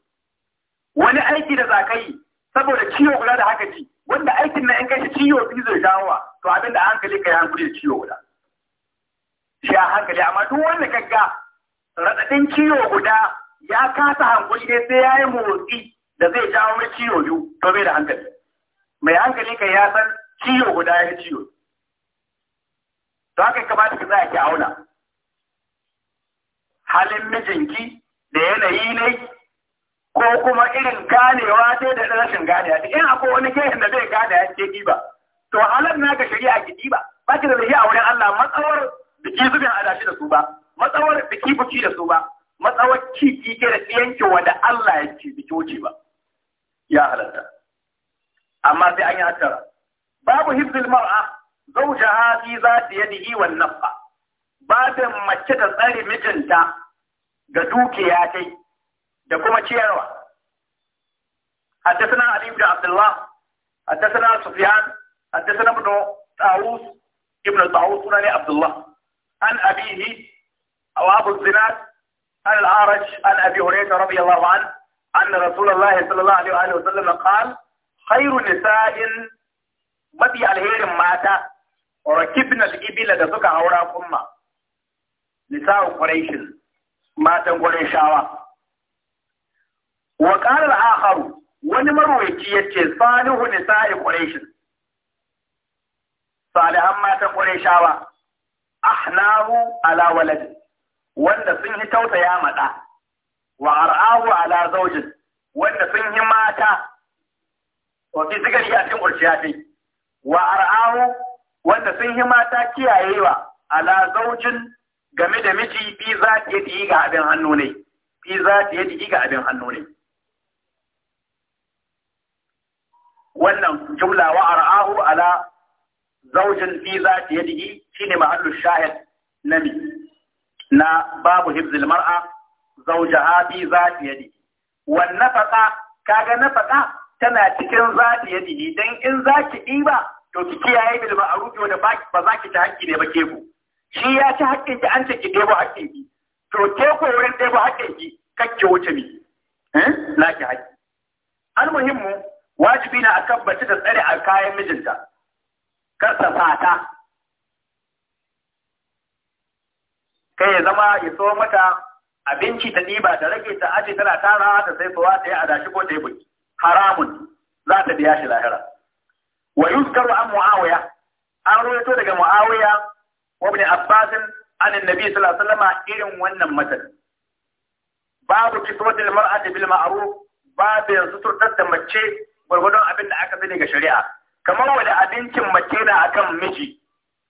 wani aiki da za ka yi saboda ciwo guda da haka ji wanda aikin na in kai shi ciwo biyu zai jawo wa, to abin da hankali ka yi hankuli da ciwo guda shi a hankali amma duk wanda ka ga raɗaɗin ciwo guda ya kasa hankuli ne sai ya yi motsi da zai jawo mai ciwo biyu to bai da hankali mai hankali ka ya san ciwo guda ya ciwo to haka kamata ka za ki auna halin mijinki da yanayi ne ko kuma irin ganewa sai da rashin ganewa in akwai wani kehin da zai gane ya ce ba to halin naka shari'a ki ba ba ki da zai a wurin Allah matsawar biki zubin adashi da su ba matsawar biki buki da su ba matsawar ci ki da yankewa wanda Allah ya ci biki wuce ba ya halatta amma sai an yi hattara. Babu hibzil mar'a zau ji hafi za ta yadda yi wannan ba, ba da mace da tsari mijinta ga dukiya ta da kuma ciyarwa. Haddasana Ali ibn Abdullah, haddasana Sufyan, haddasana Ibn Tawus, Ibn Tawus suna ne Abdullah, an abihi wa Abu Zinat, an al'arash an abi Hureta rabi Allah wa an, an Rasulullah sallallahu Alaihi wa sallam qala Hairu nisa'in mafi alherin mata kibna al-ibila da suka haura kuma nisa'u quraishin matan shawa. wa qala al-akharu wani marwayi yace salihu nisa'i quraishin salihan matan qurayshawa ahnahu ala walad wanda sun yi tausaya mada wa ar'ahu ala zawjin wanda sun yi mata wa fi a cikin urciyatai wa ar'ahu wanda sun yi mata kiyayewa ala zaujin game da miji bi za ta yi ga abin hannu ne bi za ta yi ga abin hannu ne wannan jumla wa ar'ahu ala zaujin fi za ta yi shine mahallu shahid nami na babu hibzil mar'a zaujaha bi za ta yi wannan fata kaga na fata tana cikin zaɓi ya dihi don in za zaki ɗiba to ki kiyaye bil ma'ruf wanda ba za ki ta haƙƙi ne ba ke shi ya ci haƙƙin ki an ce ki ɗebo haƙƙin ki to ke wurin ɗebo haƙƙin ki wuce mi eh? na ki haƙƙi muhimmu wajibi na kan bace da tsare a kayan mijinta kar ta fata kai ya zama ya so mata abinci ta ɗiba ta rage ta aji tana tara ta sai tsawa ta yi adashi ko ta yi buki haramun za ta biya shi lahira wa yuskaru an muawiya an rawaito daga muawiya wa ibn abbas an annabi sallallahu alaihi wasallam irin wannan matan babu kiswatul mar'ati bil ma'ruf babu suturtar da mace gwargwadon abin da aka sani ga shari'a kamar wani abincin mace na akan miji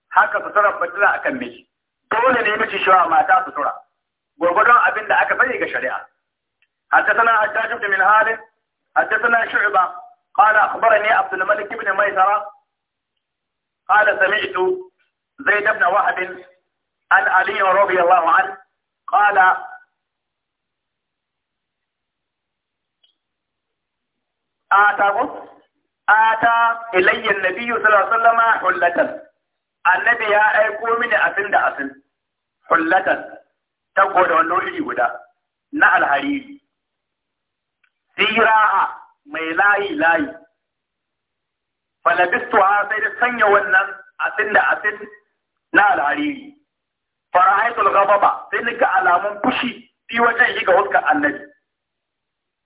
haka suturar mace na akan miji dole ne miji shi wa mata sutura gwargwadon abin da aka sani ga shari'a حدثنا حجاج بن من هارب حدثنا شعبة قال أخبرني عبد الملك بن ميسرة قال سمعت زيد بن وهب عن علي رضي الله عنه قال آتى آتى إلي النبي صلى الله عليه وسلم حلة النبي يا أيكو من أسند أسند حلة تقول أنه إلي ودا نعل حريري diraha mai layi layi falabistuwa sai da sanya wannan asin da asin na alhariri gaba ba sai nika alamun fushi fi wajen yi ga huskar annabi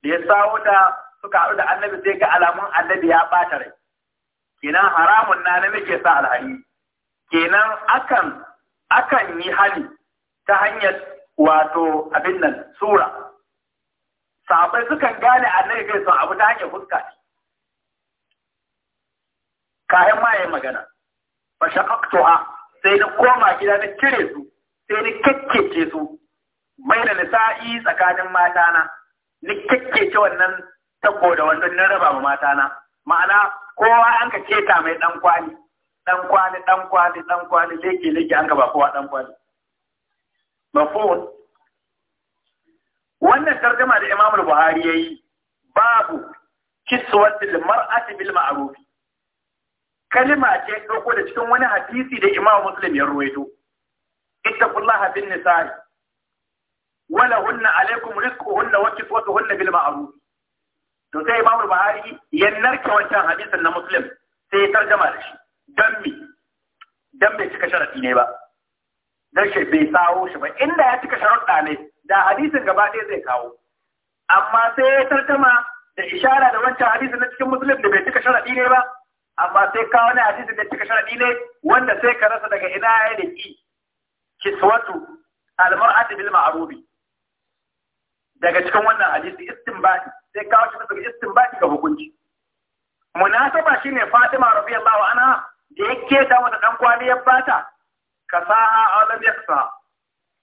da ya sawo da suka haɗu da annabi sai ga alamun annabi ya ɓata rai kenan haramun na muke sa alhariri kenan akan akan yi hali ta hanyar wato abin nan sura sahabbai sukan gane annabi bai son abu ta hanyar fuska ne kayan ma yi magana fa shaqaqtuha sai na koma gida na cire su sai ni kekkece su mai da nisa'i tsakanin mata na, ni kekkece wannan tabo da wannan na raba ma na ma'ana kowa an ka keta mai dan kwani, dan kwani dan kwani dan kwani leke leke an gaba kowa dan kwani mafhum wannan tarjama da Imam Buhari yayi babu kiswatul mar'ati bil ma'ruf kalima ce dauko da cikin wani hadisi da Imam Muslim ya ruwaito ittaqullaha bin nisa'i wala hunna alaikum rizquhunna wa kiswatuhunna bil ma'ruf to sai Imam Buhari ya narke wancan hadisin na Muslim sai ya tarjama da shi dan me. dan bai cika sharadi ne ba dan shi bai sawo shi ba inda ya cika sharuɗa ne da hadisin gaba ɗaya zai kawo amma sai ya tartama da ishara da wancan hadisin na cikin musulun da bai cika sharaɗi ne ba amma sai kawo ne hadisin da cika sharaɗi ne wanda sai ka rasa daga ina ya riki kiswatu almar'ati bil ma'rubi daga cikin wannan hadisi istinbati sai kawo shi daga istinbati ga hukunci munasaba shine Fatima radiyallahu anha da yake da wata dan kwali ya bata kasaha aw lam yaksa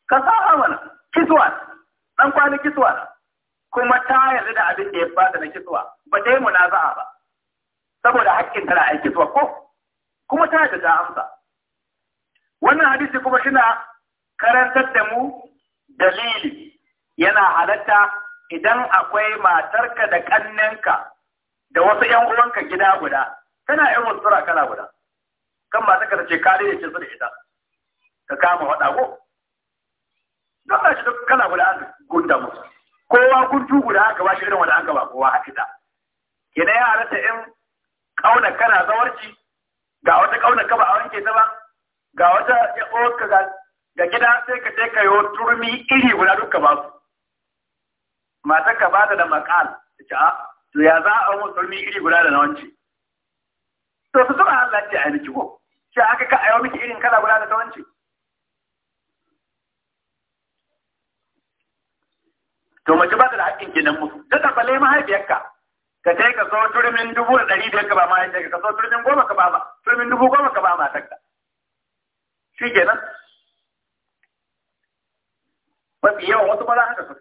kasaha mana kiswa dan kwali kiswa kuma ta yarda da abin da ya bada na kiswa ba ta yi munaza'a ba saboda hakkin tana ai kiswa ko kuma ta yarda ta amsa wannan hadisi kuma shina karantar da mu dalili yana halatta idan akwai matarka da kannenka da wasu ‘yan uwanka gida guda, tana ‘yan wasu kala guda, kan ba ta ce kare da ke su da ita, ka kama waɗago, don ba shi da kala guda an gunda musu kowa guntu guda aka ba shi irin wani an gaba kowa haka da kenan ya halatta in kauna kana zawarci ga wata kauna ka ba a wanke ta ba ga wata ya ka ga ga gida sai ka je ka yi turmi iri guda duka ba su mata ka ba da makal ta to ya za a mu turmi iri guda da na wance to su suna Allah ce a yi miki ko shi aka ka a ayo miki irin kala guda da ta wance to mace ba ta da haƙƙin kenan mu ta tafale mahaifiyarka ka kai ka so turmin dubu da ɗari biyar ka ba mahaifiyarka ka so turmin goma ka ba ma turmin dubu goma ka ba ma matarka shi kenan mafi yawan wasu maza haka su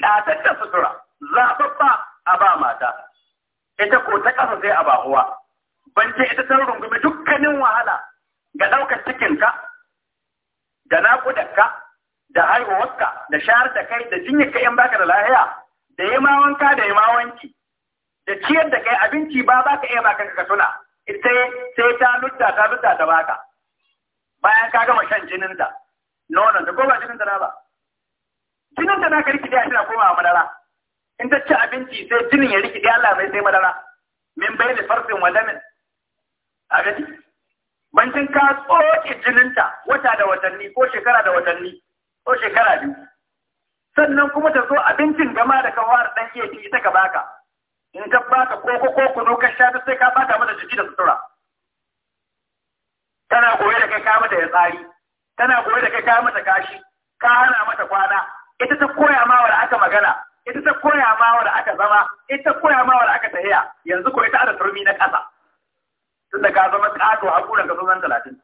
ƙatar da sutura zaɓaɓɓa a ba mata ita ko ta ƙasa sai a ba uwa ban ce ita ta rungumi dukkanin wahala ga ɗaukar cikinka da naƙudarka da haihuwarka da shayar da kai da jinyar ka 'yan baka da lahiya da yama wanka da yama wanki da ciyar da kai abinci ba baka iya baka ka tuna ita sai ta lutta ta lutta ta baka bayan ka gama shan jinin da nonon da ko ba jinin da na ba jinin da na ka rikide shi na komawa madara in ta ci abinci sai jinin ya rikide Allah mai sai madara min bai da farfin wa lamin a gani bancin ka tsoke jininta wata da watanni ko shekara da watanni ko shekara biyu sannan kuma ta zo abincin gama da ka fara dan iya ci ita ka baka in ka baka koko ko zo ka sha ta sai ka baka mata ciki da sutura tana goye da kai ka mata ya tsari tana goye da kai ka mata kashi ka hana mata kwana ita ta koya ma wa aka magana ita ta koya ma wa aka zama ita ta koya ma wa aka tahiya yanzu ko ita da turmi na kasa tunda ka zama kato hakuran ka zo zan talatin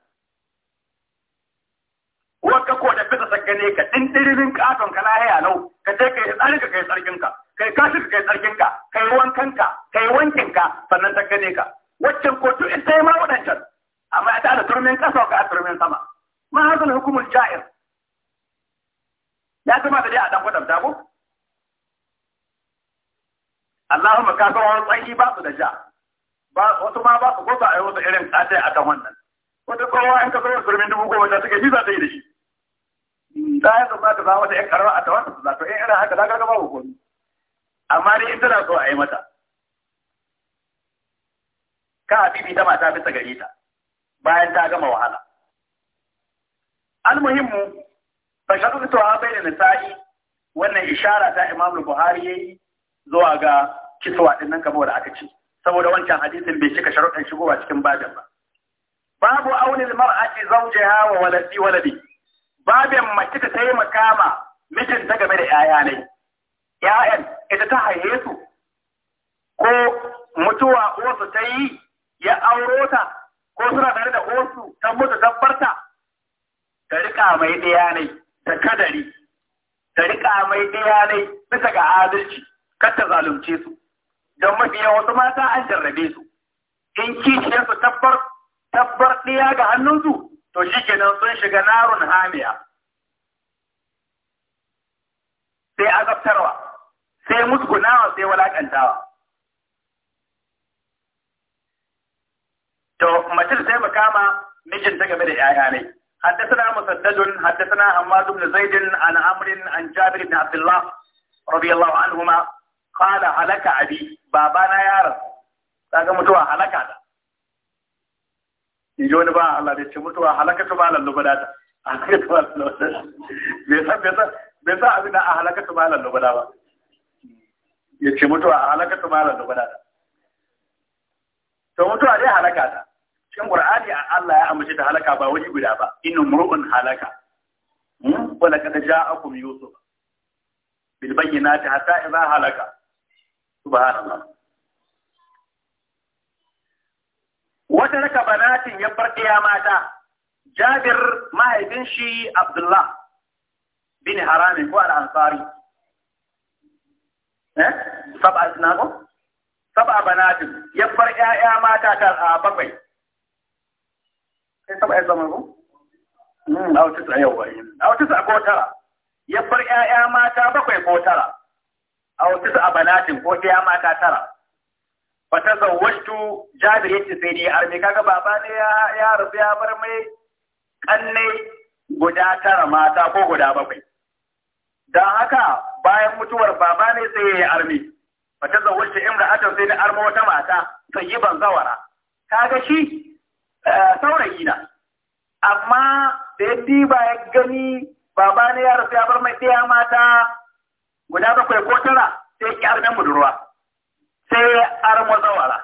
ka ko da fita sakane ka din diririn katon ka lahiya lau ka je ka yi tsarin ka kai tsarkin ka kai kashi ka kai tsarkin ka kai wankan ka kai wankin ka sannan ta gane ka waccan ko in ita ma wadancan amma ya da turmin kasa ka turmin sama ma hazal hukumul ja'ir ya zama da dai a dan kwadanta ko Allahumma ka ga wani tsayi ba su da ja ba wasu ma ba su ko a yi wasu irin tsatai a kan wannan wata kowa in ka zo turmin dubu goma ta suke ji za ta yi da shi da ya zama ta zama wata ƴan ƙarama a tawar su zato, in ina haka za ka ga babu komai amma dai in tana so a yi mata ka habibi ta mata bisa gare ta bayan ta gama wahala almuhimmu fashaɗu ta bai da nisa'i wannan ishara ta imamul buhari yayi zuwa ga kiswa din nan kamar da aka ce saboda wancan hadisin bai cika sharuɗan shigowa cikin bajin ba babu aunin mar'ati zawjiha wa waladi waladi babin mace ta taimaka ma mijinta game da 'ya'ya ne ‘ya'yan ita ta haye su ko mutuwa uwarsu ta yi ya auro ta ko suna tare da osu ta mutu tabbarta ta riƙa mai ɗaya ne ta kadari ta riƙa mai ɗaya ne bisa ga adalci kar ta zalunce su don mafi wasu mata an jarrabe su in kishiyarsu tabbar tabbar ɗaya ga hannunsu to shi kenan sun shiga narun hamiya sai azabtarwa sai musgunawa sai walakantawa to mace sai makama mijin ta game da yaya ne حدثنا مسدد حدثنا حماد بن زيد عن عمرو عن جابر بن عبد الله رضي الله عنهما قال هلك ابي بابانا يا mutuwa halaka da in ji wani ba Allah da ce mutuwa halakatu ba lallu badata halakatu ba lallu badata bai san bai san bai san abin da a halakatu ba lallu badata ba ya ce mutuwa a halakatu ba lallu ta? to mutuwa dai halaka ta cikin qur'ani Allah ya amince ta halaka ba wani guda ba inna mur'un halaka hmm? wala kad ja'akum yusuf bil bayyinati hatta idha halaka subhanallah wata raka banatin ya bar ɗaya mata jabir mahaifin shi abdullah bin harami ko al’ansari. ansari eh saba saba banatin ya bar ɗaya mata ta bakwai Kai saba ya zama ko mm su a yau wai su a ko tara ya bar ɗaya mata bakwai ko tara su a banatin ko ɗaya mata tara fata zawwashtu jabir yace sai ni arme kaga baba ne ya ya rasu ya bar mai kanne guda tara mata ko guda bakwai dan haka bayan mutuwar baba ne sai ya arme fata imra'atan sai da arma wata mata ban zawara kaga shi eh, saurayi na amma da yadda ba ya gani baba ne ya rasu ya bar mai ɗaya mata guda bakwai ko tara sai ya ƙi armen budurwa sai mazawara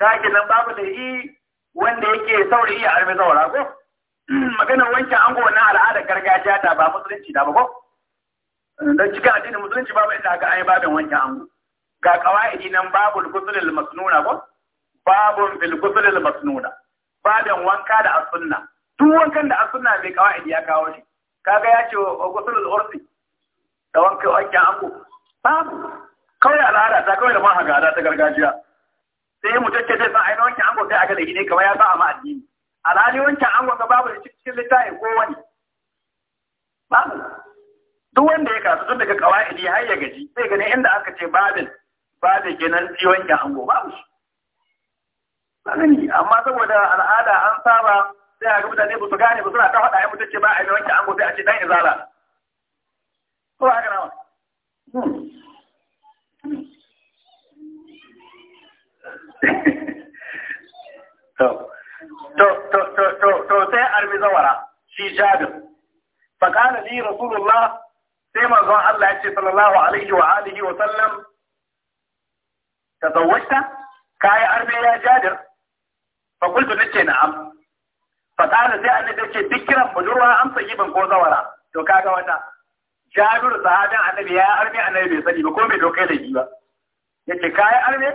kage nan babu da yi wanda yake saurayi a mazawara ko maganar wancan ango na al'adar gargajiya ta ba musulunci da ba ko don cikin addinin musulunci babu inda aka ayi babin wancan ango ga qawaidi nan babu al-ghusl masnuna ko Babu bil ghusl masnuna babin wanka da as-sunna duk wankan da as-sunna bai qawaidi ya kawo shi kaga ya ce ghusl al-ursi da wankan ango babu kawai al'ada ta kawai da ma hagada ta gargajiya sai mu tace sai san ainihin wancan angon sai a gada ne kamar ya sa ma addini alhali wancan angon ga babu da cikin littafin ko wani babu duk wanda ya kasu tun daga kawaidi har ya gaji sai gani inda aka ce babin babin kenan shi wancan ango babu shi amma saboda al'ada an saba sai a ga mutane ba su gane ba suna ta faɗa ya mutu ce ba a yi wancan ango sai a ce dan izala ko haka nawa to sai armi zawara shi jabir faƙala ni rasulullah sai manzon Allah ya ce sallallahu alaihi wa alihi wa sallam tazawwajta kai arme ya jabir fa qultu nace na'am faƙala sai annabi da ce dikran budurwa amsa giban ko zawara to kaga wata jabir sahabin annabi ya arme annabi bai sani ba ko bai dokai da shi ba yace kai arme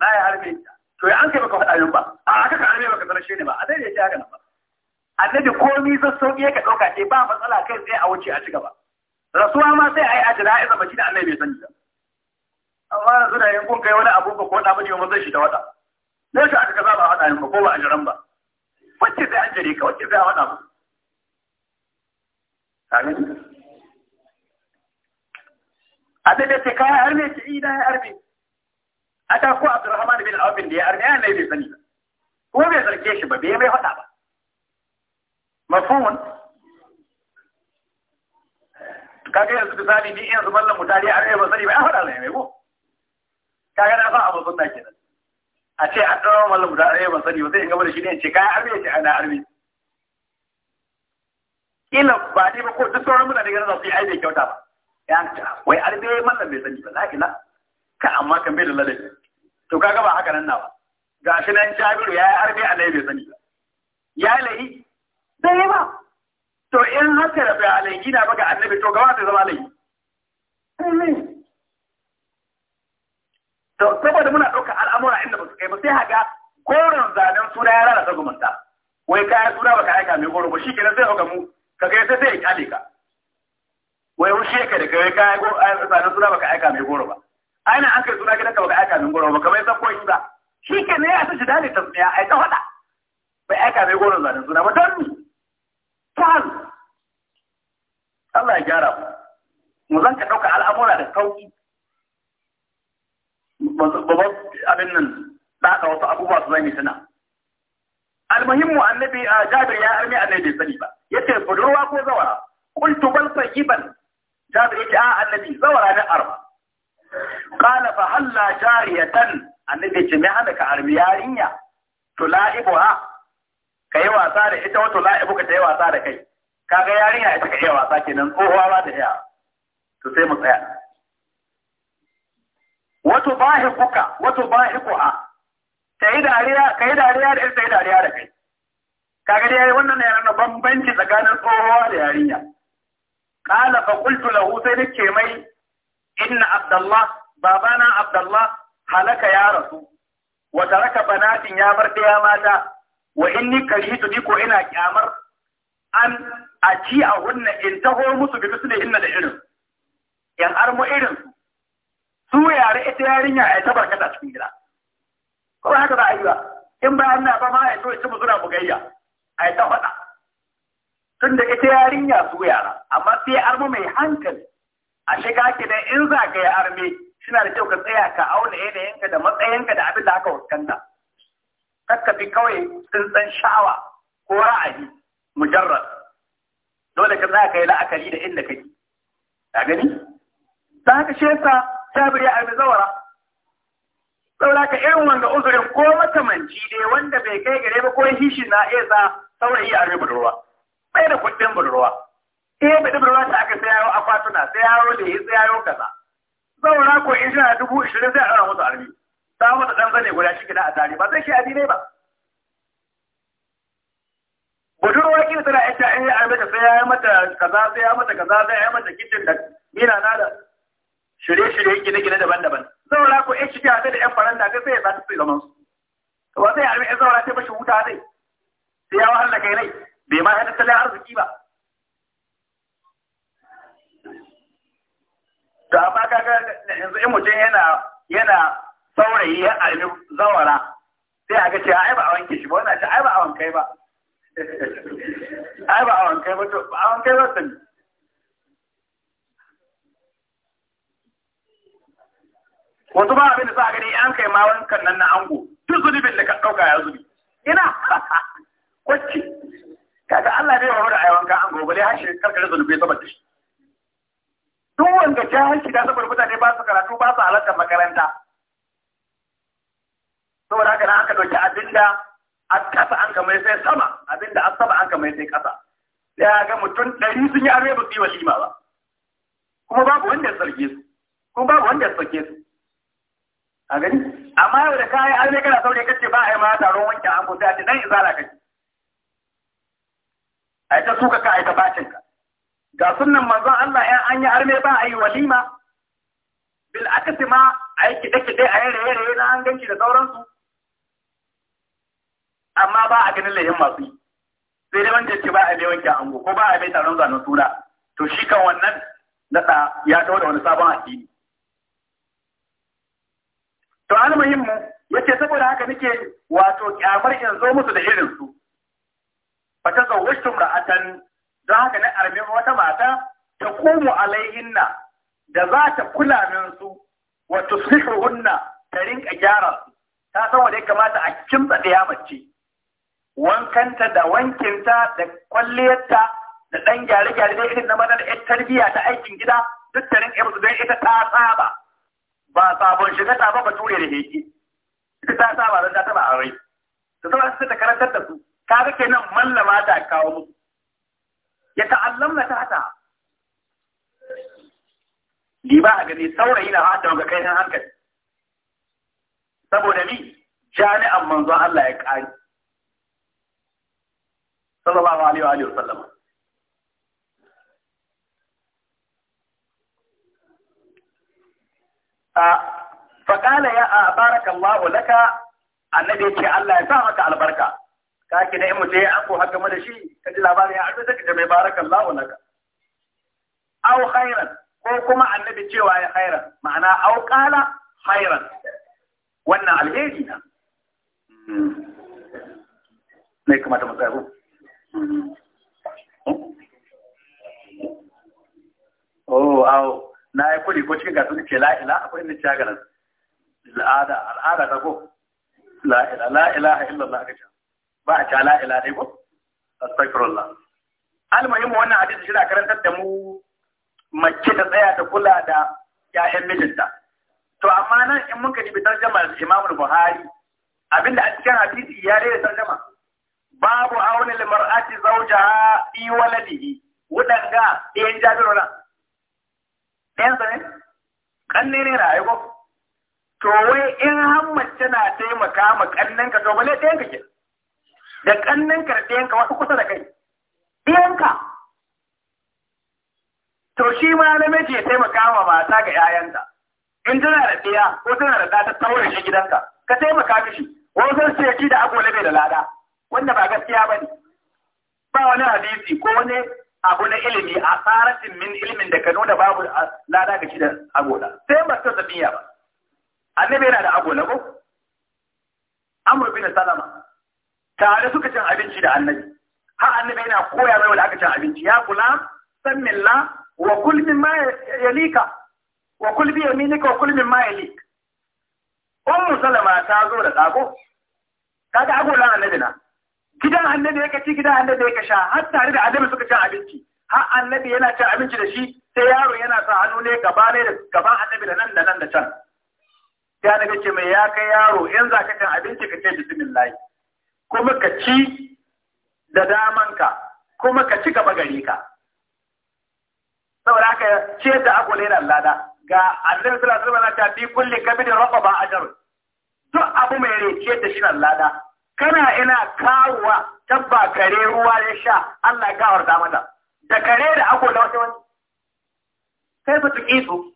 na ya arme to ya an kai baka faɗa ba a aka ka arme baka sanar shine ba a dai ya haka nan ba annabi komi zan sauki ka ɗauka ce eh, ba matsala kai sai a wuce a ci gaba rasuwa ma sai a yi a jira ya da annabi bai sani ba amma yanzu da yankun kai wani abu ba ko da miji ba zai shi da wata ne shi aka kaza ba haɗa yin ba ko ba a jiran ba wacce sai an ka wacce sai a haɗa ba abin da ce kaya arme ce ina eh, ya arme a ta ko abdurrahman bin awf da ya arme ya bai sani ba ko bai zarge shi ba bai mai faɗa ba mafhumun kaga yanzu misali ni yanzu mallan a arme ba sani ba ya faɗa mai ko kaga na fa abu sunna kenan a ce an ɗaura mallam a ɗaya ban sani ba sai in gaba da shi ne ce kayan arme ce ana arme ila ba ne ba ko duk sauran muna da ganin za su yi ai bai kyauta ba yanta wai arbe mallam bai sani ba la ila ka amma kan bai da ladabi to kaga ba haka nan na ba gashi nan jabiru yayi arbe alai bai sani ba ya lahi sai ba to in haka da bai alai gina ba ga annabi to gaba ta zama laifi to saboda muna ɗaukar al'amura inda ba su kai ba sai haka goron zanen suna ya lalata zumunta wai kaya suna baka aika mai goro ba shi kenan sai haka mu ka kai sai sai ya kyale ka wai wuce ka da kai kai go sanan suna baka aika mai goro ba ana an kai suna gidanka baka aika mai goro ba kamar san ko isa shike ne ya tashi dale tasmiya ai ta hada bai aika mai goro zanen suna ba don ni Allah ya gyara mu mu zan ka dauka al'amura da sauki babban abin nan da aka wasu abubuwa su zai tana almuhimmu annabi a jabir ya armi annabi sani ba yace budurwa ko zawara qultu bal ban. jabir a annabi zawa ranar arba qala fa halla jariyatan annabi ce ka arbi yarinya to wasa da ita wato la'ibu ka wasa da kai yarinya ita ka wasa kenan tsohuwa ba ta to sai mu tsaya wato wato dariya kai da tayi dariya da kai dai wannan yana bambanci tsakanin tsohuwa da yarinya qala fa qultu lahu sai nake mai inna abdullah babana abdullah halaka ya rasu Wata raka banatin ya bar da mata wa inni karihitu ni ko ina kyamar an a a in bi inna da irin yan armo irin su yare ita yarinya a ta barkata cikin gida ko haka ba a yi ba in bayan na ba ma ya so ya ci suna bugayya a ta faɗa tun da ita yarinya su yara amma sai arme mai hankali a shiga ki da in za ka yi arme suna da kyau ka tsaya ka auna yanayinka da matsayinka da abin da aka fuskanta kakka bi kawai san sha'awa ko ra'ayi mujarrad dole ka tsaya ka yi la'akari da inda kake ka gani ta haka shi yasa jabiri a zawara saboda ka irin wanda uzurin ko matamanci ne wanda bai kai gare ba ko hishi na iya sa saurayi a rubuta bai da kuɗin budurwa eh bai da budurwa ta aka sayawo akwatuna sayawo lehi sayawo kaza zaura ko in shirya dubu ishirin zai ara musu armi ta mata ɗan zane guda shi gida a tare ba zai shi adinai ba budurwa ki tana ita in yi armi ta sai ya yi mata kaza sai ya mata kaza sai ya yi mata kitchen da mina na da shirye-shirye gine-gine daban-daban zaura ko ya shige da yan faranta ta sai ya zata su zaman su ba zai armi ya zaura ta bashi huta zai. sai ya wahala kai nai bai ma yi tattalin arziki ba to amma kaga yanzu in mutum yana yana saurayi ya almi zawara sai a ga ce ai ba a wanke shi ba wannan ce ai ba a wankai ba ai ba a wankai ba to a wankai ba sun wasu ba abin da sa gani an kai ma wankan nan na ango duk zunubin da ka ɗauka ya zubi ina kwacce kaga Allah ne ya da ayawan ka an gobale har shi karkare zulubi saboda shi duk wanda jahilci da saboda mutane ba su karatu ba su halartar makaranta saboda haka nan aka dauki abinda a kasa an kamar sai sama abinda a saba an kamar sai kasa ya ga mutum ɗari sun yi aure ba su yi walima ba kuma babu wanda ya sarge su kuma babu wanda ya sarge su a gani amma yau da kayan aure kana saurin kace ba a yi ma taron wanke an ko sai a ce dan izala kake A ita suka ka ai ta bacin ka ga sunnan manzon Allah ya an yi arme ba yi walima bil akasi ma ai kide kide ai raye raye na an ganki da sauransu amma ba a ganin lahin masu yi sai dai wanda ce ba a mai ango ko ba a mai taron zanen suna to shi kan wannan nada ya taho da wani sabon addini to an muhimmu yace saboda haka nake wato kyamar in zo musu da irin su fa ta zawwajtu ra'atan don haka na armi wata mata ta kumu alaihinna da za ta kula min su wa tuslihuhunna ta rinka gyara su ta san wanda ya kamata a kimtsa da mace wankanta da wankinta da kwalliyarta da ɗan gyare-gyare da irin na mana da tarbiyya ta aikin gida duk ta rinka musu don ta saba ba sabon ba da ta saba ta aure ta karantar da su kaga kenan mallama ta kawo musu ya ta'allamna ta hata ba a gani saurayi na hata ga kai hankali saboda ni jami'an manzon Allah ya kare sallallahu alaihi wa alihi wasallam a faƙala ya a baraka Allah laka annabi ya ce Allah ya sa maka albarka ka ki da in mutum ya ako haka mana shi ka ji labarin ya arzuta ka mai barakallahu laka aw khairan ko kuma annabi cewa ya khairan ma'ana aw qala khairan wannan alheri na ne hmm. kuma ta matsayi Oh, aw na yi kuli ko cikin gasar ce la'ila akwai inda ci ganin al'ada ta ko la'ila la'ila. illallah aka ce ba a cala ila dai ko astagfirullah almuhimu wannan hadisi shi karantar da mu mace ta tsaya ta kula da ƴaƴan mijinta to amma nan in muka dibi da Imam Buhari abinda a cikin hadisi ya rere tarjama babu auna limar'ati zawjaha fi waladihi wadanga ɗayan jabiru na ɗayan sa ne kanne ne rayuwa to wai in hammacce na taimaka ma kannen ka to bale ɗayan ka kenan da kannin karɗiyanka wasu kusa da kai ɗiyanka to shi ma namiji ya taimaka wa mata ga 'ya'yanta in tana da ɗiya ko tana da ɗata ta shi gidanka ka taimaka mishi wani zan ce ki da agole bai da lada wanda ba gaskiya ba ne ba wani hadisi ko wani abu na ilimi a tsarafin min ilimin da ka nuna babu lada ga shi da agola sai ba ta tafiya ba annabi yana da agola ko amur bin salama tare suka cin abinci da annabi har annabi yana koya mai wanda aka cin abinci ya kula san milla wa kul min ma yalika wa kul bi yaminika wa kul min ma yalik ummu salama ta zo da dago kaga agolan annabi na gidan annabi yake ci gidan annabi yake sha har tare da annabi suka cin abinci har annabi yana cin abinci da shi sai yaro yana sa hannu ne gaba ne da gaban annabi da nan da nan da can sai annabi ce mai ya kai yaro in za ka cin abinci ka ce bismillah kuma ka ci da damanka kuma ka ci gaba gare ka saboda haka ce da agwale lada ga annabi sallallahu alaihi wasallam ta bi kulli kabid raqaba ajr duk abu mai rece da shi lada kana ina kawuwa tabba kare ruwa ya sha Allah ya da. mata da kare da da wata wani kai ba tuki su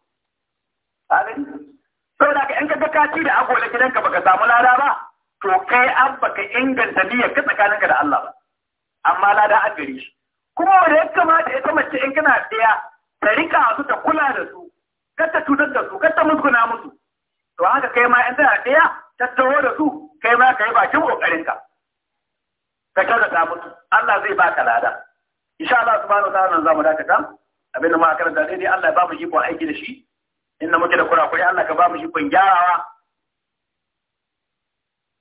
saboda haka in ka ga kaci da da gidanka baka samu lada ba to kai an baka inganta niyyar ka tsakaninka da Allah ba amma na da gare shi kuma wanda ya kamata ya ita mace in kana tsaya ta rika su ta kula da su kar ta cutar da su kar ta musguna musu to haka kai ma in tana tsaya ta tawo da su kai ma kai bakin kokarin ka kyautata musu Allah zai baka lada insha Allah subhanahu ta'ala nan zamu dakata abin da ma karanta dai Allah ya ba mu iko aiki da shi inda muke da kurakuri Allah ka ba mu iko gyarawa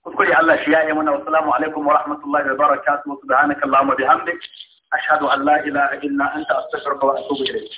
kuskure Allah shi ya yi mana wassalamu alaikum wa rahmatullahi wa barakatuhu subhanakallahumma bihamdik ashhadu an la ilaha illa anta astaghfiruka wa atubu ilayk